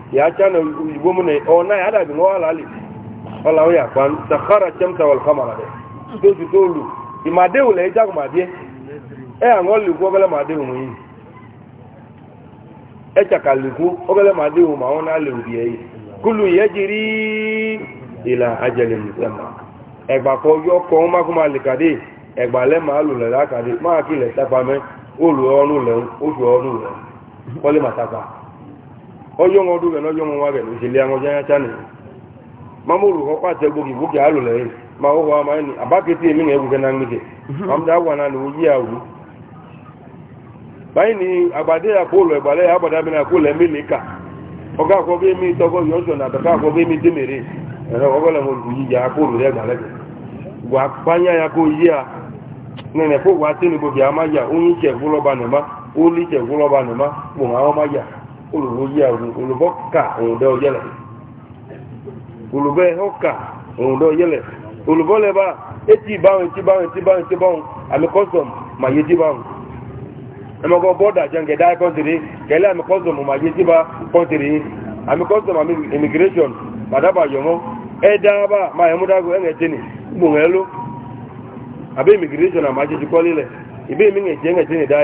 ya cana igbo mu ne oh, na ya da bi ala ali ola ya kwan sakhara chamta wal qamara de ju ja ma bi e an o lu ko ma de mu yi e ta ka lu ko ma de mu ma ona le bi yi kullu ila musamma e gba ko yo ko ma ko ma le e gba le ma lu le ka kade ma ki le ta pa me o lu onu le ọjọ́ wọn ọdún rẹ̀ lọ́jọ́ wọn wá rẹ̀ ló ṣe lé àwọn jáyájá ni mamuru kọ́ pàtẹ gbòógì gbòógì àlò lẹ́yìn máa wọ́n wá ní àbákẹ́tì èmi ní ẹgbẹ́ náà níjẹ mamdá wà náà lówó yí àwù. báyìí ni àgbàdé àkóòlò ìgbàlẹ̀ àbàdà mi náà àkọ́ bí mi tọ́kọ́ yọ̀ọ́sọ̀ náà bí mi ẹ̀rọ olùwòye olùbọ́ ka òun dẹ́ ọjẹ́lẹ̀ olùbọ́ ẹ̀họ́ ka òun dẹ́ ọjẹ́lẹ̀ olùbọ́ lẹ́bà etí báwọn etí báwọn etí báwọn etí báwọn àmì custom mà tí báwọn ẹmọ́gọ́ bọ́ọ̀dà jẹ́ǹgẹ̀dá kọ́ntìrì kẹ́lẹ́ àmì custom mà tí bá kọ́ntìrì àmì custom àmì immigration padàbà yọ̀mọ́ ẹ dáábà máa ẹ̀mú dágò ẹ̀ǹgẹ̀ tẹ́ni ẹ̀ immigration àmà jẹ́ ti kọ́lé lẹ̀ ìbí mi ń jẹ́ ẹ̀ǹgẹ̀ tẹ́ni dáa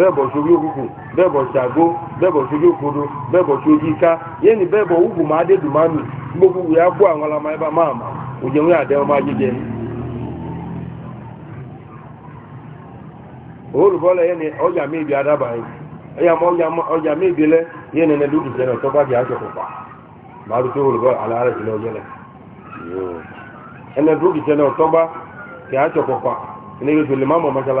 bẹ́ẹ̀bọ̀ ṣojú òkùnkùn bẹ́ẹ̀bọ̀ ṣàgó bẹ́ẹ̀bọ̀ ṣojú òkodo bẹ́ẹ̀bọ̀ ṣojú ika yé ni bẹ́ẹ̀bọ̀ òkùnkùn máa dé dùmánù gbogbo ìyá kó àwọn ọlọmọ ẹbá máa mà òjẹun àdẹ ọmọ ayéjẹ ni. olùbọ́lẹ̀ yẹn ni ọjà mébi adába yìí ọjà lẹ yẹn ni ẹni dúdú ẹni bá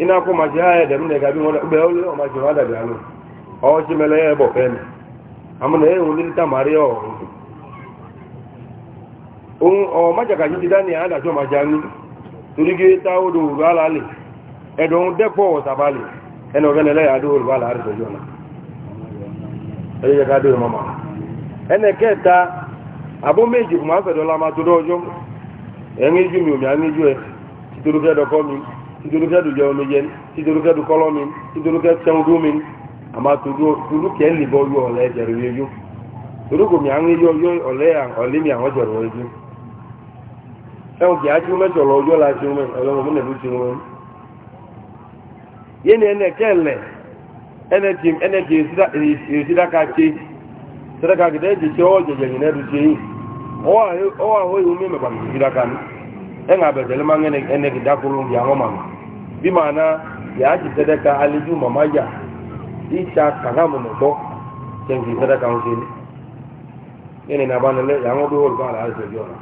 ina ko ma jaya da mun ga bi wala be o ma jwa da ga no o ji mele e bo pen amune e un ta mario un o ma jaga ji dani ada jo ma jani turi ge ta o do le do un depo o ta bale en o gele ya do ba la ar mama en e meji ma do la ma to do jo en eju mi o do ko tijoluke du jẹun mi jẹun tijoluke du kọlọ mi tijoluke sẹun du mi àmà toluke ẹnìbọ yọ ọlẹ jẹrù yẹjú tolukomi àwọn yọ yọ ọlẹ ọlẹ mi àwọn jẹrù yẹjú ẹwọn kì á tí wọn mẹsọ lọ ọjọ la tí wọn mẹ ọlọmọ mọ nàbí tí wọn mẹ yẹni ẹnẹ kẹlẹ ẹnẹ tí ẹnẹ tí èyí sídáka tse sídáka kìtẹ ẹjẹ tse ọwọ jẹjẹ yìí nẹdu tse yìí ọwọ àwọn èyí wọn mẹ bàtà sídáka mi ẹ ń abẹsẹ lẹ máa ń ẹnẹ kìdá kúrò ń bí àwọn màmá. bí na yàá ti sẹ́dẹ́ka alẹ́jú màmá yà ìṣà kànáàmù nìgbọ́ kẹ́ǹkì sẹ́dẹ́ka ń ṣe ní ẹni nà bá nílẹ̀ yàá ń gbé olùkọ́ àlàyé ṣèjọ́ náà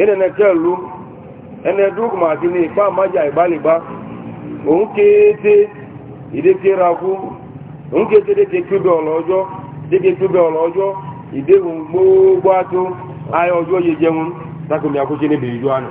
ẹni nà kẹ́ẹ̀lú ẹni ẹdúkùn màá ti ní ipá àmájà ìbálẹ̀gbá òun kéèté ìdẹ́kẹ́ rakú òun kéèté dékẹ́ gbogbo ato ayé ọjọ́ yẹ jẹun tákùnmí àkóṣe n'ebe ìjọ anu.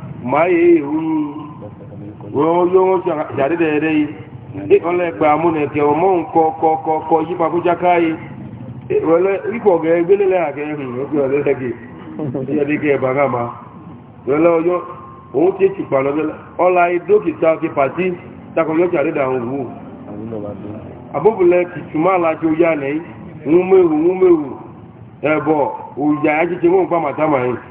máa yẹ ìhun wọn yóò jáde dẹ̀ẹ́dẹ́ yìí ọlẹ́pẹ́ eke ọmọ nǹkan kọkọkọ yípa kó jáká yìí ikọ̀ gẹ̀ẹ́ gbélé lẹ́àkẹ́ ẹ̀hùn ó fi ti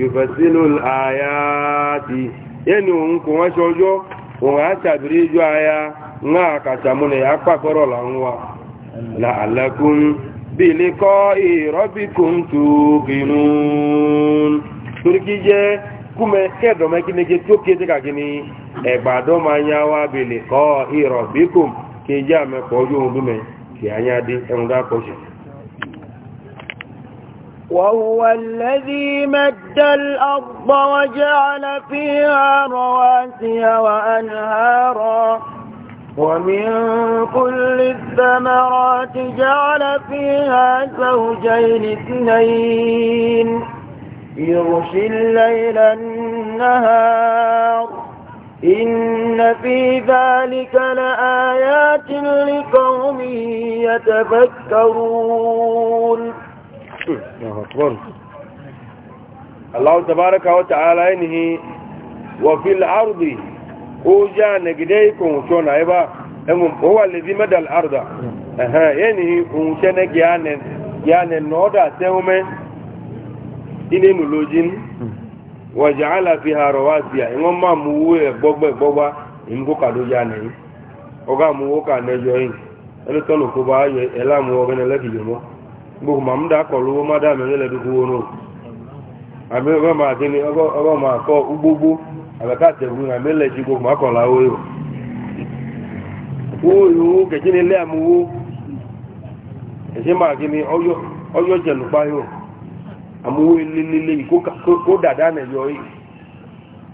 yòfẹ̀sínú ti yẹni òun kò wọ́n ṣọjọ́ òun á ṣàbírí ijó aya ńlá àkàṣàmúnẹ̀ yà pàkọ́rọ̀ làwọn wa làálẹ́kùn bí ilé kọ́ tó bínú torí kí jẹ́ kúmẹ kẹ́ẹ̀dọ̀mẹ́ kí nege tó kéde kàkíní ẹ̀gbàdọ́ máa yá wa bí ilé kọ́ kí jẹ́ àmẹ́kọ̀ọ́jú òun dúmẹ̀ kì á yá dé وهو الذي مد الأرض وجعل فيها رواسي وأنهارا ومن كل الثمرات جعل فيها زوجين اثنين يغشي الليل النهار إن في ذلك لآيات لقوم يتفكرون Allah tabaraka wa ta'ala yanihi wa fil ardi uja nagidai kun chona iba emun huwa allazi madal arda aha yanihi unche ne gyane gyane noda teume ile nulojin wa ja'ala fiha rawasiya ingon ma muwe gbogbe gbogba ingo kado yane oga muwo ka nejo yin ele tolo ko ba yo elamu ogene lebi yo mo gbogbo ma m da akọrọ ugbo mmadụ amemele dukwu ono amebe ma gịnị ọgọ ma akọ ugbogbo abakategbu na mele ji gbogbo ma akọla oyo oyo kẹjẹ nílé àmúwó ẹjẹ ma gịnị ọyọ jẹnupa yo àmúwó ilélélé kó dàda nà yọ yìí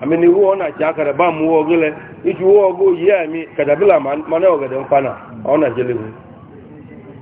àmìnì wó ọ̀nà àti akàrà bá mú ọgẹlẹ ìjú wó ọgọ yìí àmì kàdàbílà ma náà ọ̀gẹ̀dẹ̀ ń fa náà ọ̀nà jẹlẹ̀ wọn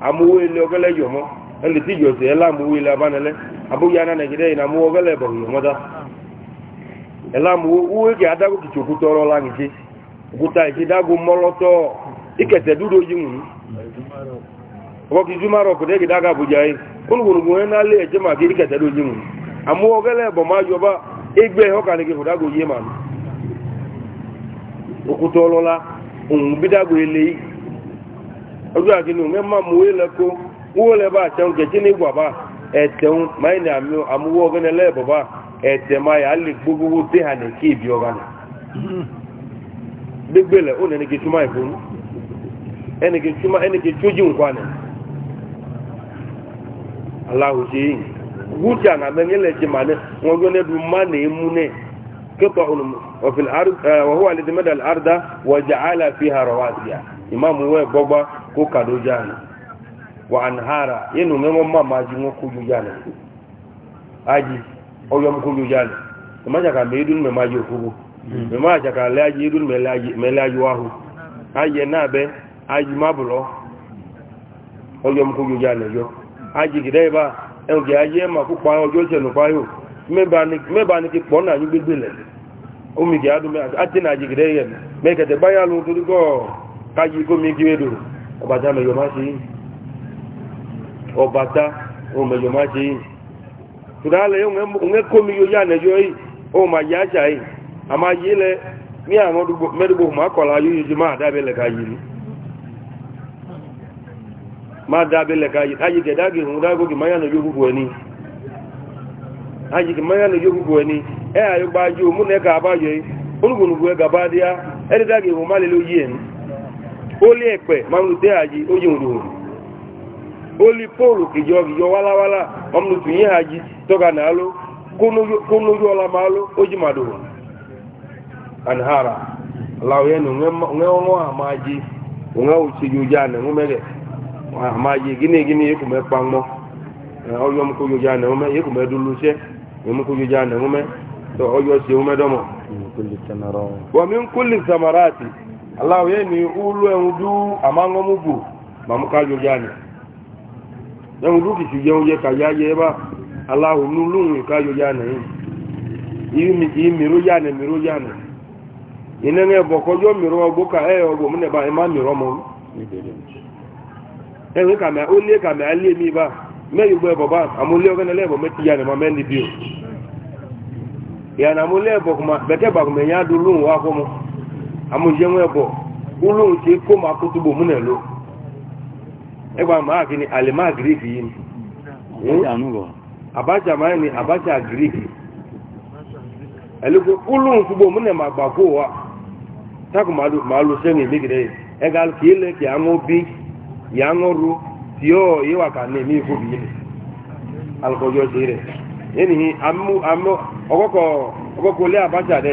Amụwo ele ogele yomo ele ti jo se ela amuwo ele abanele abuya na negide ina amuwo ogele bo yomo da ela amuwo uwe ke adago ki choku toro la moloto ikete dudo ki ko de kun na le eje ma ki ikete dudo yimu amuwo ogele bo ma yoba igbe hokani ki ohun bidago eleyi ojú àti nù ní mú ilẹ̀ kó wó lẹ bá àtẹun ní gbàbá ẹ̀tẹun máa ete àmúwọ́ ọgẹ́nẹ lẹ́ẹ̀bọ̀bá ẹ̀tẹ̀ máa yà á lè gbogbo dé hànẹ̀ kí ìbí ọgá nà gbégbélẹ̀ ó nẹni kí túmá ìfún ẹni kí túmá ẹni kí tójú nǹkan nà yìí wọn má nà ko kado jani wa anhara yenu ngemo mama ji ngoku ju jana aji oyo mku ju jana maja ka meidun me maji okubu me maja ka laji idun me laji me laji wahu aje nabe aji mabulo oyo mku ju jana yo aji ma ku pa ojo senu pa yo meba ni meba ni ki ni omi adu me ati na aji me bayalu kaji ko mi Ọbata mẹjọ má ṣe yìí ọbàtà òun mẹjọ má ṣe yìí tùdà alẹ òun ẹkọ mi yóò yá ànẹjọ yìí òun mà yá àṣà yìí àmà yí lẹ ní àwọn mẹdùgbò má kọlà yóò yóò má dábẹ lẹka yìí ni yìí gbogbo ẹni gbogbo ẹni ẹ ẹni. oli ẹ̀pẹ̀ mamluté àjí ó yẹ òdò òdò oli póòlù kìjọ kìjọ wálawálá mamlutù yẹ àjí tọ́ka náà ló kónójú ọlá máa ló ó jí màdò anhara láwọ̀yẹ́ nù ńwẹ́ ọmọ àmájí ńwẹ́ òṣèjú ojú àná ń mẹ́rẹ̀ àmájí gínígíní yẹ kò mẹ́ pamọ́ ọyọ́ mú kó yojú àná ń mẹ́ yẹ kò mẹ́ dúró ṣẹ́ yẹ mú kó yojú àná aláwọ̀ yẹn ni úlú ẹ̀hún dú àmánọ́múbù màmúkájọ jáde ẹ̀hún dú kìí jẹun jẹ kàyà yẹ bá aláwọ̀ nú lóhun ìkájọ jáde yìí yìí mìíró jáde mìíró jáde ìnẹ́ngẹ́ bọ̀kọ́jọ́ mìíró ọgbóka ẹ̀ ọgbọ̀ múnẹ̀ bá ẹ má mìíró mọ́ ẹ̀hún kàmì ó lé kàmì alé mi bá mẹ́yìn gbọ́ ẹ̀bọ̀ bá mẹ́ni bí amụjie nwe bụ ụlọ oche koma akụtụgbo mụ na-elo ịgba ma agị ni alima grik yi hmm? hmm? abacha ma ni abacha grik eleko ụlọ nsugbo mụ na ma gbakwo ụwa takụ ma alụsị na emegide ịga ka ile ka ya ṅụ bi ya ṅụrụ tio yiwa ka na-eme ikwu bi ile alụkọjọ sire amu ọkọkọ ọkọkọ ole abacha dị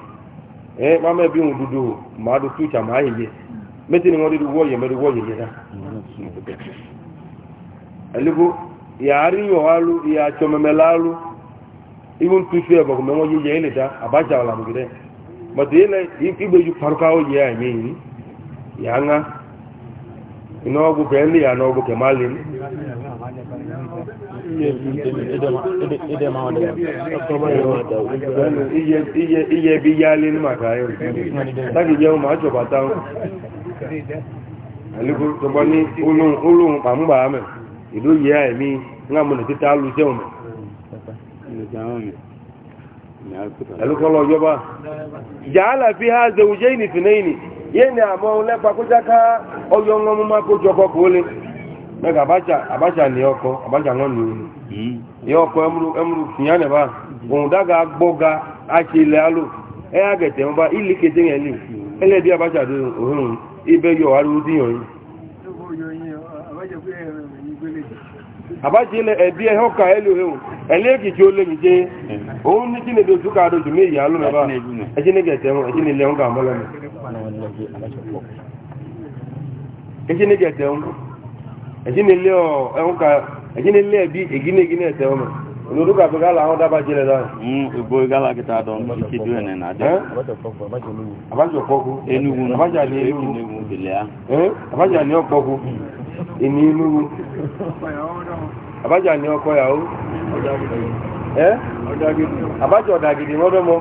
ee eh, mama ebi ŋun dudu maa do tu ca maa yeye meti ni ŋɔdi du wɔ yɛmɛ du wɔ yeye la aligo yaari yɔ alu yaa tsɔmɛmɛ la alụ iwu tu su yɛ bɔkɔ mɛ ŋɔ yeye a ba igbe ju ka ya yɛ ayi yi yaa ŋa inɔgbu kɛ ɛli yaa nɔgbu iye bí yálé ní màkà ayọ̀ láti jẹun máa jọbàtà àlékún tọgbọ́ ní olóhun pàmúbà mẹ́ ìlú yẹ àìmí ńlá mọ̀lẹ̀ títà lù jẹun mẹ́ àlékọ́lọ́ yọba jàálà fi ha zẹ̀wùjẹ́ ìnìfìnẹ́ ìnì yẹ́ ni àmọ́ lẹ́pàá kó jáká ọyọ́ wọn mú má kó jọkọ kó mẹ́ka abacha ní ọkọ̀ àbáṣà náà ní ní ọkọ̀ ẹmúrù fìyàn nẹ̀bá òun dága gbọ́ga àti ilẹ̀ alò ẹ àgẹ̀tẹ̀ wọn bá ilé kété yẹn lè ẹlẹ́bí àbáṣà tó òun ibẹ̀ yọ ariwo díyàn yìí. àbáṣà ilẹ̀ ẹ̀bí ẹ̀ lò ẹ̀lẹ́ èkìtì ó mi jẹ́ òun ní kí ní ẹ̀jínilé ẹ̀bí ìgínegíní ẹ̀tẹ́ ọmọ olórúkà fi gálà àwọn dábà jẹ́ lẹ́dá hmm, ìgbò gálà kìtà àdán títí na ẹ̀nẹ̀ nàdẹ́ àbájọ̀pọ̀kú enugu àbájà ní ọ̀pọ̀kú ìní enugu àbájà ọkọ̀ yàó àbájọ̀ ọ̀dàgìdì mọ́dọ́mọ́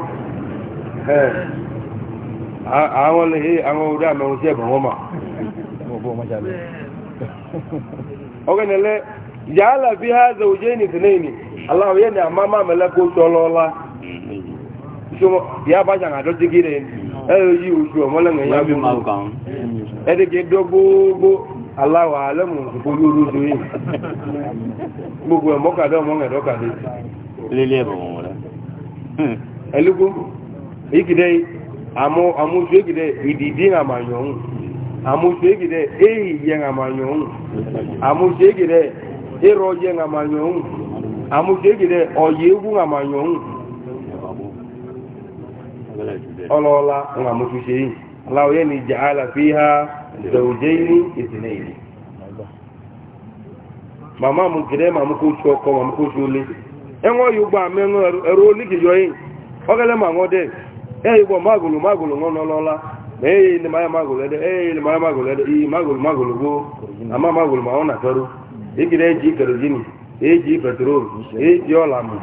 àwọn olè àwọn wọ́n mà ọgọ́nà lẹ́ yàálà fi ha zẹ̀wòjẹ́ ní tìlẹ́ ní aláwọ̀ yẹ́ ni àmá máa mẹ́lẹ́ kó tọ́ lọ́la yà bá ṣàn àdọ́ jígí rẹ̀ ẹ̀rọ yìí oṣù ya bụ bí máa kàn ẹ̀dẹ́gẹ́ dọ́ gbogbo aláwọ̀ alẹ́mù òṣùpọ̀ lóru oṣù yìí gbogbo ẹ̀mọ́kàdé ọmọngẹ̀dọ́kàdé lílé ẹ̀bọ̀ wọn rẹ̀ ẹ̀lúgbó amushegire eyi yenga manyong amushegire ero yenga manyong amushegire oyewu nga manyong olola nga mushusheyi law yani ja'ala fiha zawjayn ithnayn mama mukire mama ko choko mama ko chule enwo yugba menwo ero oligi yoyin ogele ma ngode eyi bo magulu magulu ngono lola ee ni maya magolo ede ee ni maya magolo ede ii magolo magolo gboo ama magolo ma ọ na-atọrọ ikiri eji kerozini eji petrol eji ọlamu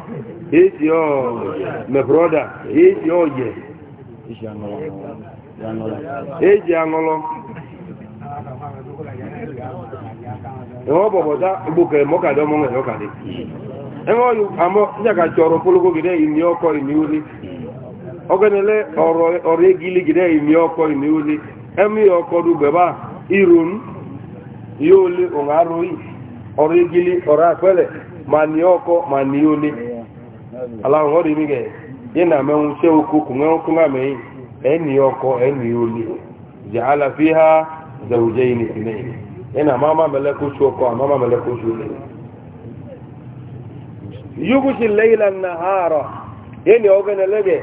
eji ọ meporoda eji ọje eji aṅụlọ ẹ̀wọ̀n ọ̀bọ̀bọ̀dá gbókẹ̀ mọ́kàdé ọmọ ẹ̀lọ́kàdé ẹ̀wọ̀n àmọ́ ìjàkà tí ọ̀rọ̀ polówó gẹ̀dẹ́ ìní ọkọ̀ ìní orí ogenele ọrụ egiligide imi ọkọ imi ole emi ọkọ dugbeba irun ihe ole ongaroyi ọrụ egili ọrụ akpele ma ni ọkọ ma ni ole alahun ọrụ imi gẹ yẹ na mẹun ṣe oko kùn kún ẹni ọkọ ẹni ole fi ha zẹwùjẹ yìí na máa máa mẹlẹ kó su ọkọ àmọ́ máa mẹlẹ kó ole leila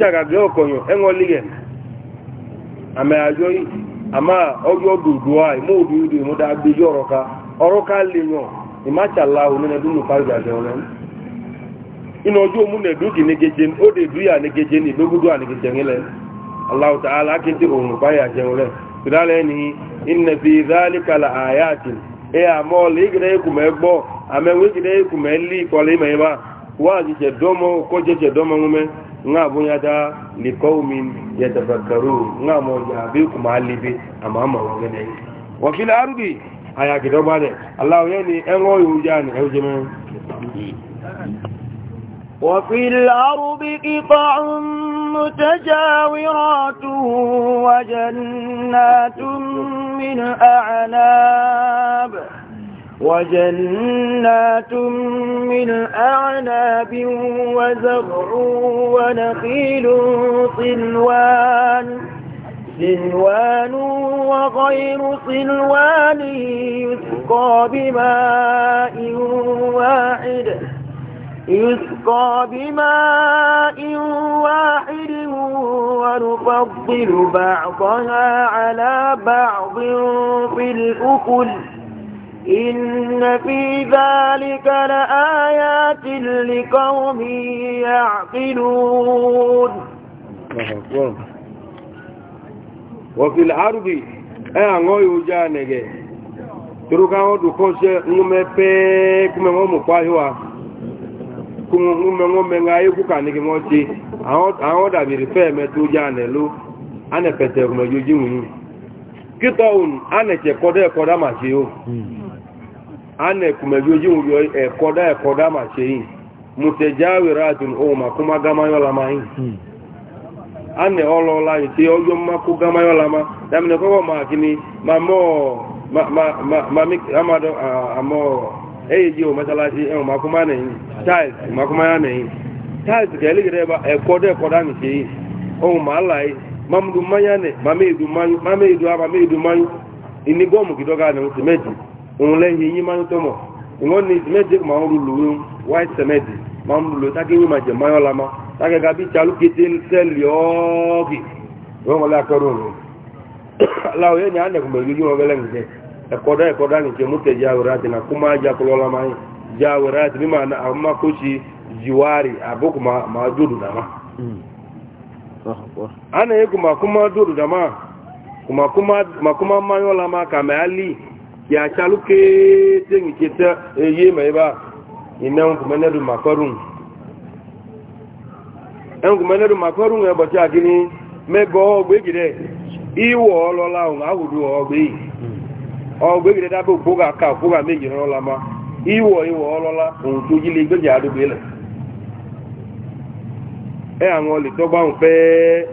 ṣàgàgbé ọkọ̀yàn ẹ̀wọ̀n lígẹ̀ àmì àjọ yìí àmà ọjọ́ dòdò à ìmọ̀ òdò ìdò ìmọ̀ dá gbé yọ ọ̀rọ̀ka ọ̀rọ̀ka lè yàn ìmáṣàlá onínà dúnú pàrọ̀gbàjẹ́ ọ̀rẹ́ inú ọjọ́ òmùnà dúkì nígeje ó dè dúyà nígeje ní ìdógúdó àníkejì ńlẹ̀ aláwọ̀ tá alákéde òrùn báyà jẹun rẹ̀ ìdálẹ́ ni ìnàbí ìdálẹ́kàlà àyà àti ẹ̀ àmọ́ lẹ́gẹ̀rẹ́ ikùnmẹ́ gbọ́ àmẹ́wẹ́gẹ̀rẹ́ ikùnmẹ́ lé ìkọlẹ́ ìmọ̀ yẹn bá dọ́mọ́ kọ́jẹjẹ dọ́mọ́ mú mẹ́ nga bunyata liqaumin yatafakkarun nga mo ya bi kuma alibi ama ma wogene wa fil ardi aya gido bale allah yani en o jani e jeme wa fil ardi qita'un mutajawiratun wa jannatun min وجنات من أعناب وزرع ونخيل صلوان صلوان وغير صلوان يسقى بماء واحد يسقى بماء واحد ونفضل بعضها على بعض في الأكل إن في ذلك لآيات لقوم يعقلون وفي العرب ẹ̀hàngọ́ yóò já nẹ̀gẹ̀ torúká wọ́n dùkọ́ ṣe ńgúnmẹ́ pẹ́ẹ́ kúmẹ̀ wọ́n mú pàáhíwá kúmẹ̀ ṣe àwọn dàbìrì fẹ́ mẹ́ tó já ana kuma joji e eh, koda e koda ma cheyin mutejawe ratun oma kuma gama yola mai hmm. ana olola ite ojo ma ku gama yola ma dami ne koko ma kini ma mo ma ma ma ma mi amado a ah, mo eyi eh, ji o masalasi e ma kuma ne yin tiles ma kuma ya ne yin tiles ke ligere ba e koda e koda mi cheyin o ma lai mamdu manya ne mamedu manya mamedu aba mamedu manya inigomu kidoga ne mutimeji òun lẹ́yìn yín máa ń tó mọ̀ ìwọ́n ní méje máa ń rúlu white cement máa ń rúlu tákì yín máa jẹ máyọ́ la ma tákì ga bí tsalu kété sẹ́ẹ̀lì ọ́ọ̀kì wọ́n wọlé akẹ́rù òun aláwọ̀ yẹn ni a nẹ̀kùn mẹ́rin yín wọn bẹ́lẹ̀ nìkẹ́ ẹ̀kọ́dá ẹ̀kọ́dá nìkẹ́ mú tẹ̀ jáwèrè àti nà kó máa la ma yín jáwèrè àti mímọ àwọn máa kó si jiwari àbókù máa dòdò dàmà. àná yẹ kò máa ya chalu ke tengi cheta eye eh, mai ba ina ku manadu makorun en eh, ku manadu makorun e bo ti agini me go ogbe gide iwo olola un awudu ogbe ogbe da bo boga ka olola ma iwo iwo olola un to jile gbe ja do bele e eh,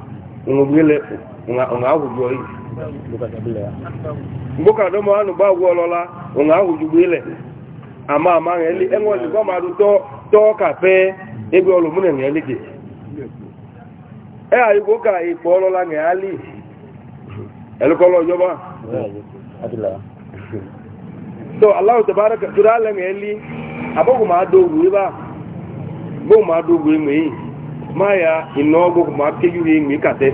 ngogile nga ahujo mboka domo anu ba wo lola nga ama ama ngeli enwo ni goma to to ebi ngeli ke e ka i ali el ko lo joba so allah tabaraka ngeli abogu ma bo ma maya ina ọgwụ ma kegiri mi kate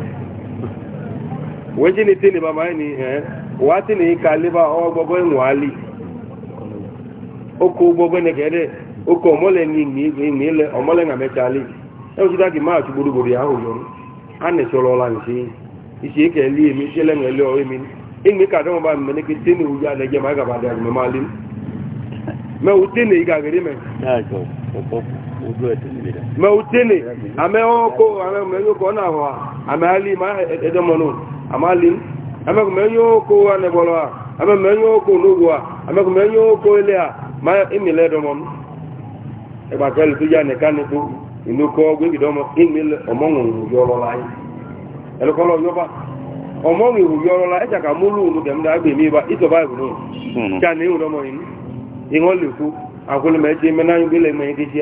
weje ni tele ba mai ni eh wati ni ka leba ọgbọgbọ oh, enwe ali oko gbogbo ne kede oko mole ni ni ni le omole na mechali e o jida ki ma ti gburugburu ya ho yoro ane solo la nsi isi ke li mi se le ngele o mi imi e, ka don ba mi ne ki tini u ya le je ma ga ba da mi mali me u tini ga gere me ya ko popo mɛ o a ame wo ko ame mɛ yo na a ame ali ma ɛdɛ mɔ no ma ali ame mɛ yo ko anɛ bɔlɔ a a ame mɛ yo ko ele a ma emi lɛ dɔ mɔ ɛgba kɛ lutu ya ne inu kɔ dɔ mɔ emi lɛ ɔmɔ ŋun yɔrɔ la yi ɔmɔ ŋun yɔrɔ ka mulu nu da ba itɔ ba yi nu ne ŋun dɔ mɔ yi iŋɔ le mɛ ɛdze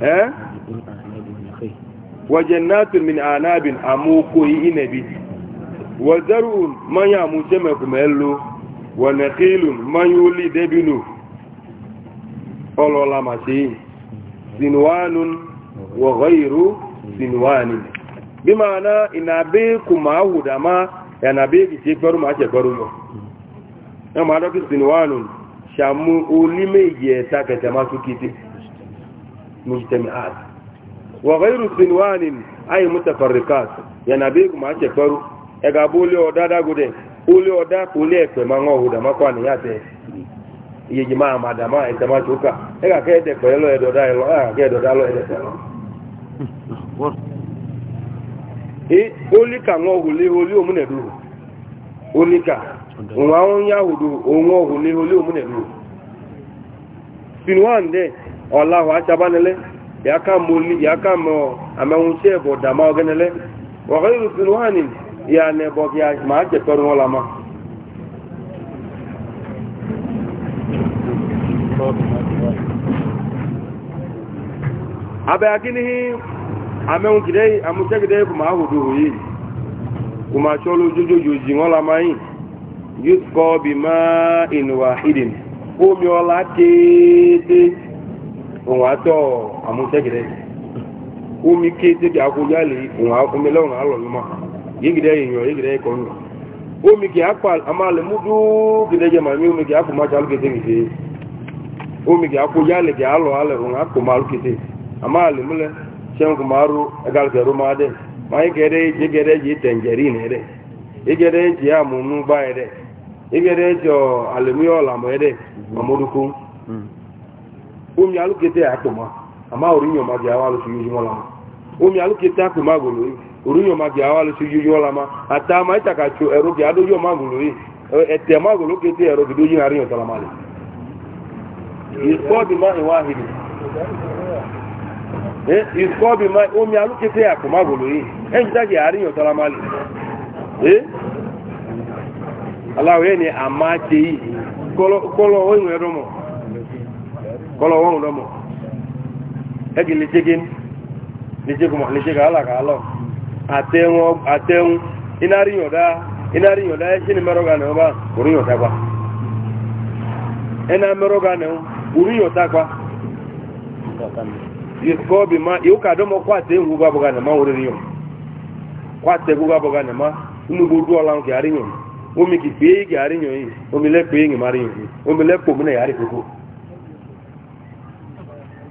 eh wa jannatun min anabin amuko inabi wa zar'un man yamuce mai kuma yallo wa naqilun man yuli dabinu olola mashi sinwanun wa ghayru sinwanin bi ma'ana inabe ma ce gbaru yo amma da sinwanun shamu ulime ye ta ka jama مجتمعات وغير صنوان أي متفرقات يا نبيك ما تفرق أقابولي ودا دا قد أولي ودا أولي في مانغو هدا ما كان ياتي يجمع مادما إتما شوكا أقا كيدي فيلو يدو دا يلو أقا كيدو دا لو يدو دا لو أولي كانغو هولي هولي ومن يدو أولي كا ونوان يهودو ونغو هولي هولي ومن يدو صنوان دي ọláhùn aṣabanilẹ yàkà mọlì yàkà mọ àmẹwùnsẹ ẹbọ dàmà ọgẹnilẹ wọkọ yìí rufin wani yànnẹ bọ kí a máa jẹ tọrọ wọn ma. abẹ akínihí àmẹwùnkìdẹ àmúṣẹkìdẹ kùmà yìí yìí òun àtọ́ àmúṣẹ́gidẹ́ omi ké tẹ́gì akójá lè òun àkómẹ́lẹ́ òun àlọ́ lọ́mọ́ yégidẹ́ èèyàn yégidẹ́ ẹ̀kọ́ omi kì í akpa amalẹ̀ múdú gidẹ́jẹ́ màmí omi kì í akó máa kété kété omi kì akójá lè kì í alẹ̀ òun àkó máa lù kété amalẹ̀ múlẹ̀ sẹ́nkù máa ro ẹ̀gàlùkẹ́ ro máa dẹ̀ máa omi alukete akpoma ama orinyoma gi awa alusi yuji wọn lama omi alukete akpoma golo yi orinyoma gi awa alusi yuji wọn lama ata ama itaka tso ẹro gi ado yoma golo yi ẹtẹ e, ma golo kete ẹro gi do yi hari yọtọ lama le iskọbi ma iwa ahiri iskọbi ma omi alukete akpoma golo yi ẹnjẹ ta gi hari yọtọ lama le ee aláwọ̀ yẹn ni àmà tẹ yìí Kọlọ, ọ̀hún ẹ̀rọ mọ̀. kọlọ wọn lọmọ ẹgì lẹ́jẹ́gẹ́ lẹ́jẹ́gùnmọ̀ lẹ́jẹ́gà alàkàálọ̀ àtẹ́hun ináríyànda ináríyànda ẹ́ ṣíni mẹ́rọ́gà náà bá oríyànta pa ẹna mẹ́rọ́gà náà oríyànta pa ìkọ́ bí ma yóò kà dọ́mọ kó àtẹ́ omi yìí omi yàrá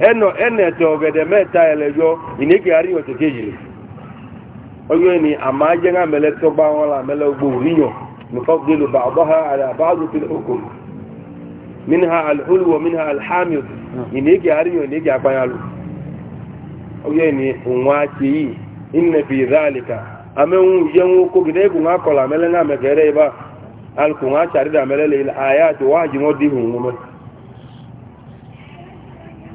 ẹnọ ẹnẹtọ ọgẹdẹ mẹta ẹlẹjọ ìnẹkẹ àríyàn tẹkẹ yìí ọjọ ẹni àmà jẹngà mẹlẹ tọgbà wọn la mẹlẹ gbòòrò níyàn nìkan gbèlò bá ọgbà ha àdà bá ọdún fi ọkọ minha alhulwa minha alhamil ìnẹkẹ àríyàn ìnẹkẹ àpáyàlú ẹni yìí akọlà mẹlẹ mẹkẹrẹ yìí bá alùpùpù mẹlẹ àti wọn dì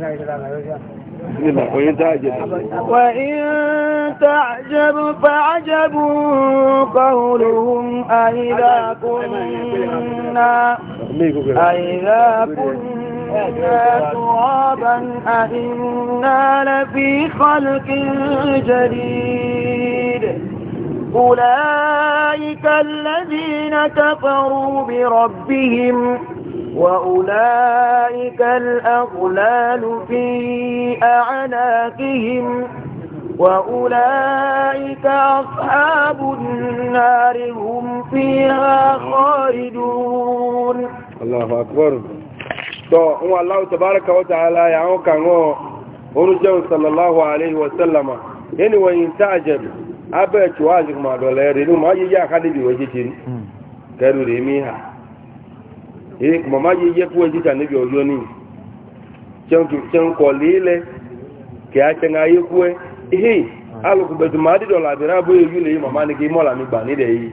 وإن تعجب وإن تعجب فعجب قولهم أئذا كنا أئذا كنا ترابا أئنا لفي خلق جديد أولئك الذين كفروا بربهم وأولئك الأغلال فِي أَعْنَاقِهِمْ وأولئك أصحاب النار هم فيها خالدون الله أكبر تو هو الله تبارك وتعالى يعوك عنه ورجو صلى الله عليه وسلم يعني وإن تعجب أبا تواجه ما دولار ما يجي أخذ بوجه كانوا رميها ee eh, mama yi yẹ fún ẹjíta níbi ọjọ́ ní ṣẹ́nkọ̀ lílẹ̀ kí a ṣe ń ayé kú ẹ ihe alùkùbẹ̀tù máa dìdọ̀ làbẹ̀rẹ̀ abóyè yú lè mama ní kí mọ́là mi gbà nídẹ̀ yìí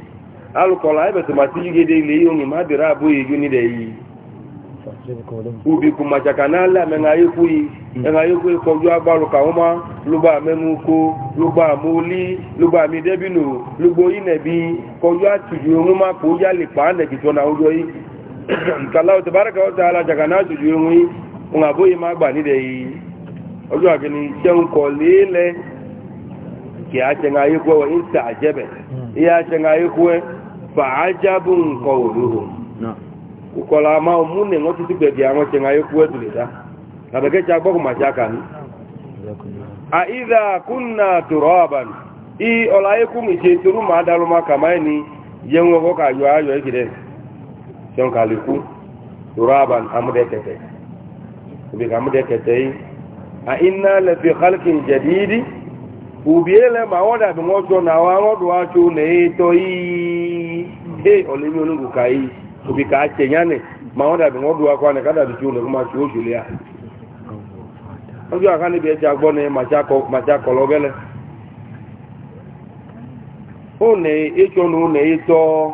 alùkọ̀lá ẹ̀bẹ̀tù máa ti yígede lè yóò má bẹ̀rẹ̀ abóyè yú nídẹ̀ yìí ubi kùmàṣàkà náà lẹ́mẹ̀ ń ayé kú yìí ń yìí yìí kọjú kàláwò tó bára kàwọ́ tààlà jàkà náà jùjú ohun ohun àbóyí máa gbà nílẹ̀ yìí ọjọ́ àgbẹ̀ni jẹun kọ̀ lélẹ̀ kì á jẹ́ ayé kú ẹwọ̀ ń tà àjẹ́bẹ̀ ìyá jẹ́ ayé kú ẹ fàájábù nǹkan òróró kùkọ̀lá máa mú nì wọ́n títí gbẹ̀dì àwọn jẹ́ ayé kú ẹ tùlẹ̀ dá àbẹ̀kẹ́jà gbọ́kùn màjá kà ní. àìdá kúnnà tòrọ àbàlù i ọ̀là ayé kú mi ṣe torú màá dálọ́mà kàmáyé ni yẹun ọkọ̀ kà yọ ayọ̀ ẹ̀kìrẹ́ don kaliku turaban amudekete ubi ka amudekete yi a ina lafi halkin jadidi ubiele ma wada bi ngojo na wa ngodo acho ne to yi e olimi olungu ka yi ubi ka ache nyane ma wada bi ngodo akwa ne kada bichu ne kuma chu chu ya ojo aka ni bi eja gbo ne ma cha ko ma cha ko logele o ne echo nu ne to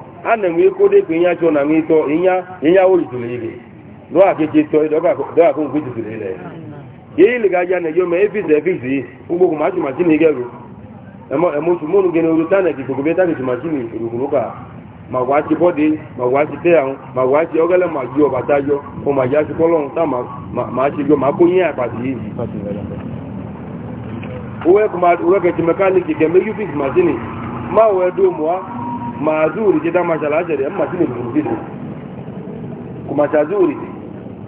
a na-enwe iko ịnya chọọ na nwe ịtọ ịnya ịnya wo jitụrụ ile dọa ka tọ dọa ka nkwe ile ihe ili ga-aja na ejo ma efizi efizi ugbogbo ma na igeru emotumonu gị na oru ta na ekikuku bịa na ka ma gwa chi bọdị ma gwa chi tee ahụ ma gwa chi ogele ma jụ ọbata jọ ọ ma ji achịkọlọ ma achịgo ma akpụ ihe akpati iyi uwe ma wee ma zuri je da mashala jere amma tini burbi kuma ta zuri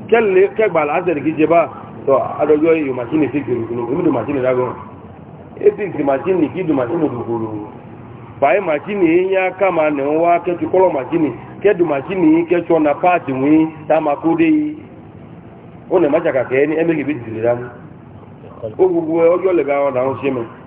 kelle ke bal je ba to adogo yi machine fikir kulu kulu machine dago e fikir machine ki du machine du kulu pai e machine e ya kama ne wa ke kolo ke du e ke wi ta ke ni ojo le ga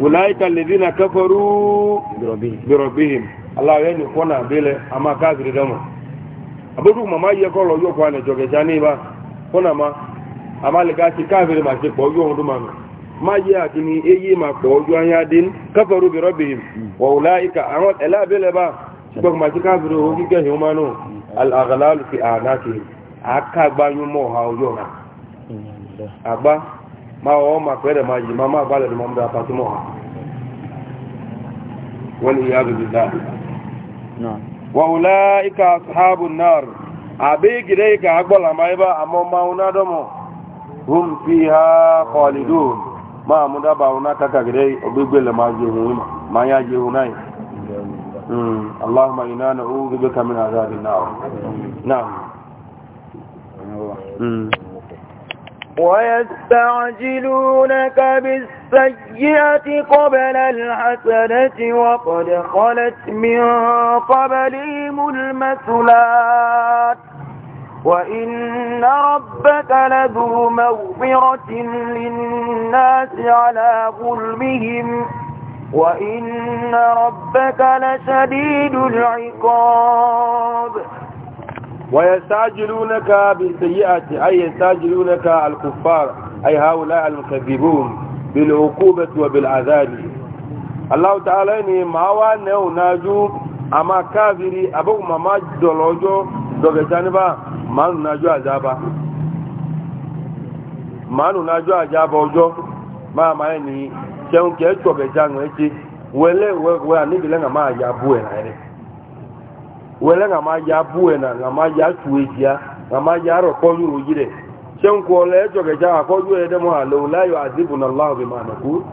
ulaika alladhina kafaru bi rabbihim allah yani kona bile ama kafiri dama abudu mama ye ko lo yo kwa ne joge jani ba kona ma ama le ga ti kafiri ma se po yo ndu ma ma ye kini eyi ma po yo anya din kafaru bi rabbihim wa ulaika awon ela bile ba ko ma ti kafiri o ki ke humanu al aghlal fi anakihim aka gbanyu mo ha ojo na Agba, máa wọ́n máa ma ji yìí máa máa gbálẹ̀ ní mọ́mọ́dá pàtímọ̀ wọ́n ni yàrá bí dáa wà wùlá ikà sáàbù náà àbí gìdẹ́ ikà agbọ́là máa bá àmọ́ máa wúná dọ́mọ̀ hùm fi ha kọlìdó máa mú dábà wúná kàkà gìdẹ́ ma máa jẹ ويستعجلونك بالسيئة قبل الحسنة وقد خلت من قبلهم المثلات وإن ربك لذو مغفرة للناس على ظلمهم وإن ربك لشديد العقاب ويستعجلونك بالسيئة أي يستعجلونك الكفار أي هؤلاء المكذبون بالعقوبة وبالعذاب الله تعالى ما وانه ناجو أما كافري أبو مما دولوجو دوغتاني با ما ناجو عذابا ما ناجو عذابا وجو ما ما يني شنك يتوغتاني ويلي ويلي ويلي ويلي ويلي ويلي wele nga ma ja na nga ma ya tue nga ma ja ro ko yuro jire le jo ede e mo alo la allah bi ma ku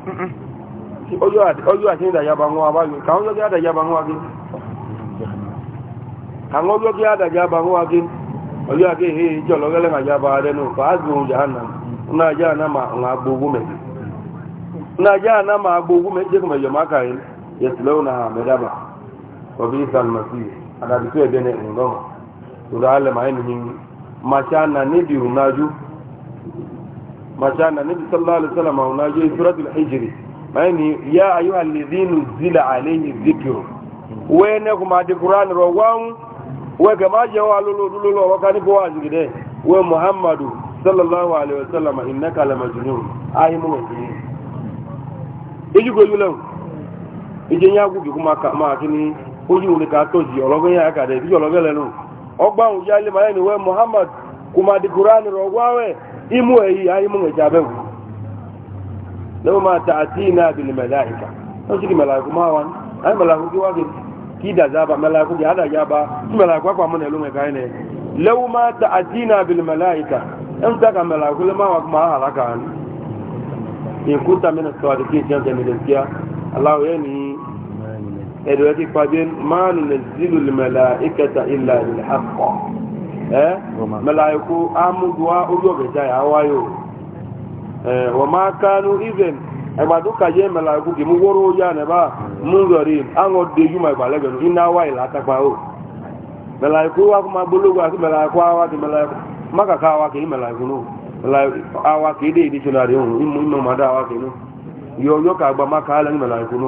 ojo ati ojo ati da ya bangu aba yu ka ojo da ya bangu agi ka ojo ki ada ya bangu agi ojo he nga ba de no azu jahannam na ja na ma nga gbogu me na ja na ma gbogu me je ko me yo yin wa bi sal masih adadito edene ngong tura ale ma enu hingi machana nebi unaju machana nebi sallallahu alaihi wasallam unaju suratul hijri maani ya ayuha alladhina zila alayhi dhikru wene kuma di qur'an ro waun we ga ma je wa lolo lolo wa kan ko wajigi de we muhammadu sallallahu alaihi wasallam Inna la majnun ayi mu ngi iji ko yulo iji nyagu bi kuma ka ma kini ojú òní ká tó jì ọlọ́gbẹ́ yẹn àkàdé ìdíjọ ọlọ́gbẹ́ lẹ́nu ọgbà òun ilé mayẹ́ niwẹ́ muhammad kùmàdì kùránì rọ̀gbáwẹ̀ imú ẹ̀yí àìmú ẹ̀jà bẹ́wù lẹ́wọ́n máa ta àti iná àbìlì mẹ́lẹ́ àìkà ó sì kì mẹ́lẹ́kù máa wá àyè mẹ́lẹ́kù kí wá kí dàzába mẹ́lẹ́kù kí àdàjába kí mẹ́lẹ́kù àpá mọ́ nẹ̀lú mẹ́ka ẹ̀ lẹ́wọ́ máa ẹ̀dọ̀rẹ́kí a máa nù nàìjíríà lèmẹ̀lá ìkẹta ìlà ìlà àpọ̀ ẹ́ mẹ́láìkú ámúdùá orí ọ̀gẹ̀dá àwáyò wọ́n máa kánú even ẹgbàdúkà jẹ́ mẹ́láìkú kì mú wóró yá nẹ̀bá mú rọ̀rí àwọn dejúmọ̀ ìgbàlẹ́gbẹ̀nú iná wà ìlà àtàkpà ó mẹ́láìkú awa kó máa gbólógún àti mẹ́láìkú àwá kì awa mákàkà àwá kì ka mẹ́láìkú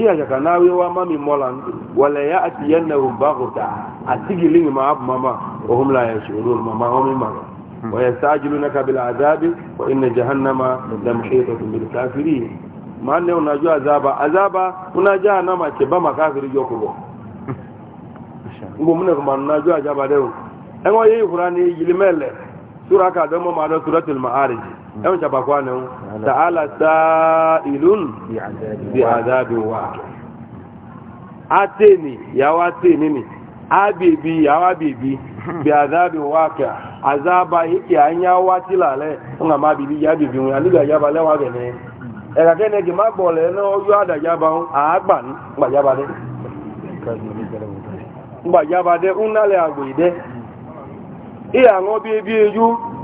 iya ga kanawe wa mami molan wala ya ati yanna hum baghta atigi lingi ma ab mama wa hum la yashurun mama hum ma wa yastajilunaka bil azabi wa inna jahannama la muhitatun bil kafirin ma ne unajua azaba azaba una jahannama ke ba makafiri joko bo ngo mune ko man unajua azaba leo engo yi qur'ani yilimele sura ka do mo ma do suratul ma'arij ẹ̀wọ̀n ṣàpàkọ́ àná tààlà tá ìlú bí àdábì wà àtẹ́ni yàwó àtẹ́ni ni àbèbí yàwó àbèbí bí àdábì wà kẹ́ àzába ìkẹ́ àyáwá tìlàlẹ̀ ń àmà bìbí yàbèbí wọn àlúgbà yàbà lẹ́wà gẹ̀ẹ́ ẹ̀ka kẹ́ni ẹ̀kì má bọ̀ lẹ́ náà yọ àdàjába ń àágbà ń dẹ́ gbàjába dẹ́ ń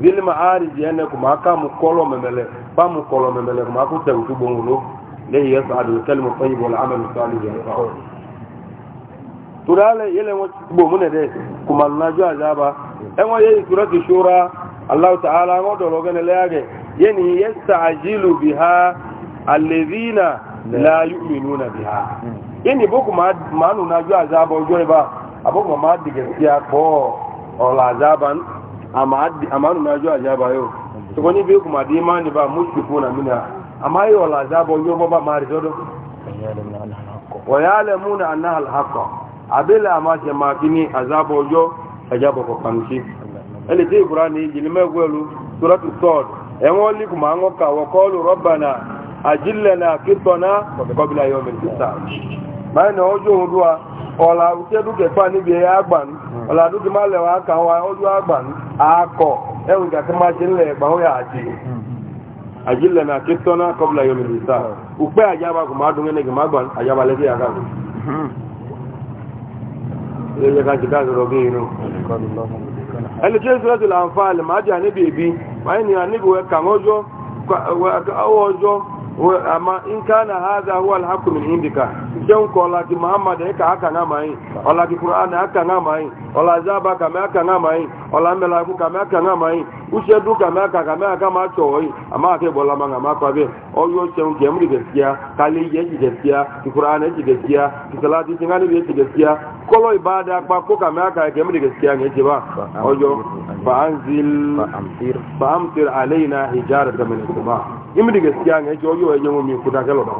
vile maariji ene kumaka mkolo memele ba mkolo memele kumaku te utubo ngulu lehi yasadu kalimu tayyib wal amal salih ya rahu turale yele ngo bo mune de kuma najo azaba engo yeyi surati shura allah ta'ala ngo do logene leage yeni yasta'jilu biha alladhina la yu'minuna biha yeni boku ma manu najo azaba ojo ba aboku ma ma digesia ko ola azaban amma nuna ju a jaba yau to wani bai kuma da imani ba mushi ko na mina amma yi wa lazaba yau ba ma rizo don wa ya lamu na anna alhaqa abila ma se ma kini azaba ojo ajaba ko kanshi ele ti qur'ani jilme gwelu suratu sad e won li kuma an ka wa qalu rabbana ajillana qitana qabla yawm al-hisab ma na ojo odua ola utedu ke pa ni bi agban ọ̀làdún ti máa lẹ̀wọ̀ aka wa ọjọ́ àgbà àkọ́ ẹ̀wùn kàkí máa ṣe ńlẹ̀ ẹ̀gbà ó yà àti àjílẹ̀ náà kí tọ́nà kọ́bùlà yomi nìta òpẹ́ àjábá kò máa dún ẹnìkì máa gbà lẹ́sẹ̀ ẹni tí ń amma in kana hadha huwa alhaqqu min indika jan ko la ki muhammad e ka aka ngama ola ki qur'an e aka ngama zaba ka me aka ngama ola mela ku ka me aka ngama ushe du ka me aka ka me aka ma to yi amma ke bola manga ma kwa be o yo chen ke mu ka ye ji ki qur'an e ji ki salati ngani ji ka me aka ke mu gaskiya ji ba o imidi gaskiya ne yake oyo yayin mu kuda galo da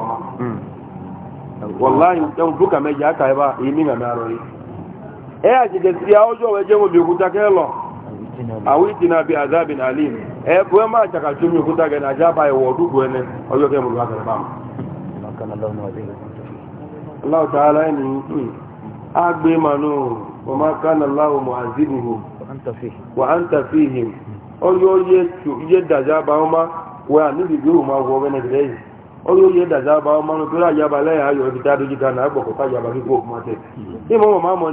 kuma wallahi dan duka mai ya kai ba na naro yi eh aje gaskiya oyo yayin mu kuda galo awitina bi azabin alim eh ko ma ta ka tumi kuda ga na ja ba ya wodu ko ne mu ba Allah ta'ala ni agbe manu wa ma kana Allah mu'azibuhum wa anta fihim wọ́n àníbi yóò máa wọ ọwẹ́ nẹ́gbẹ́ yìí ó yóò yẹ dàjà bá ọmọ mi tó rájàbá lẹ́yìn ayọ̀ ibi tájú náà gbọ̀kọ̀ tájàbá kíkó òkú máa mọ́ máa mọ́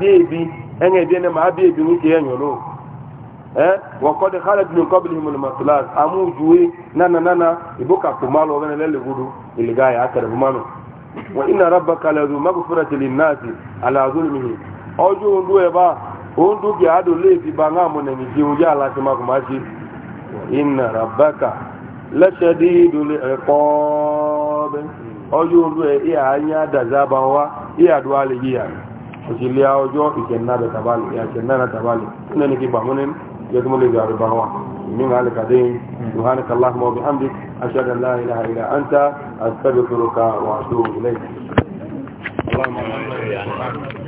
ní ohun وقد خلت من قبلهم المثلات امو جوي نانا نانا يبوكا كمالو غنا للي غدو اللي جاي اكر بمانو وان ربك لذو مغفرة للناس على ظلمه اوجو ندو ابا ondo bi ado le fi banga mo ne ji o ya la ti ma ko ma ji inna rabbaka la shadidul iqab ojo ondo e ya anya da zaba wa iya do ale ya o ti le ojo ikenna tabali ya kenna tabali ne ki ba mo يدمن للجاربه من مالك عظيم سبحانك اللهم وبحمدك أشهد أن لا إله إلا أنت أستغفرك وأتوب إليك اللهم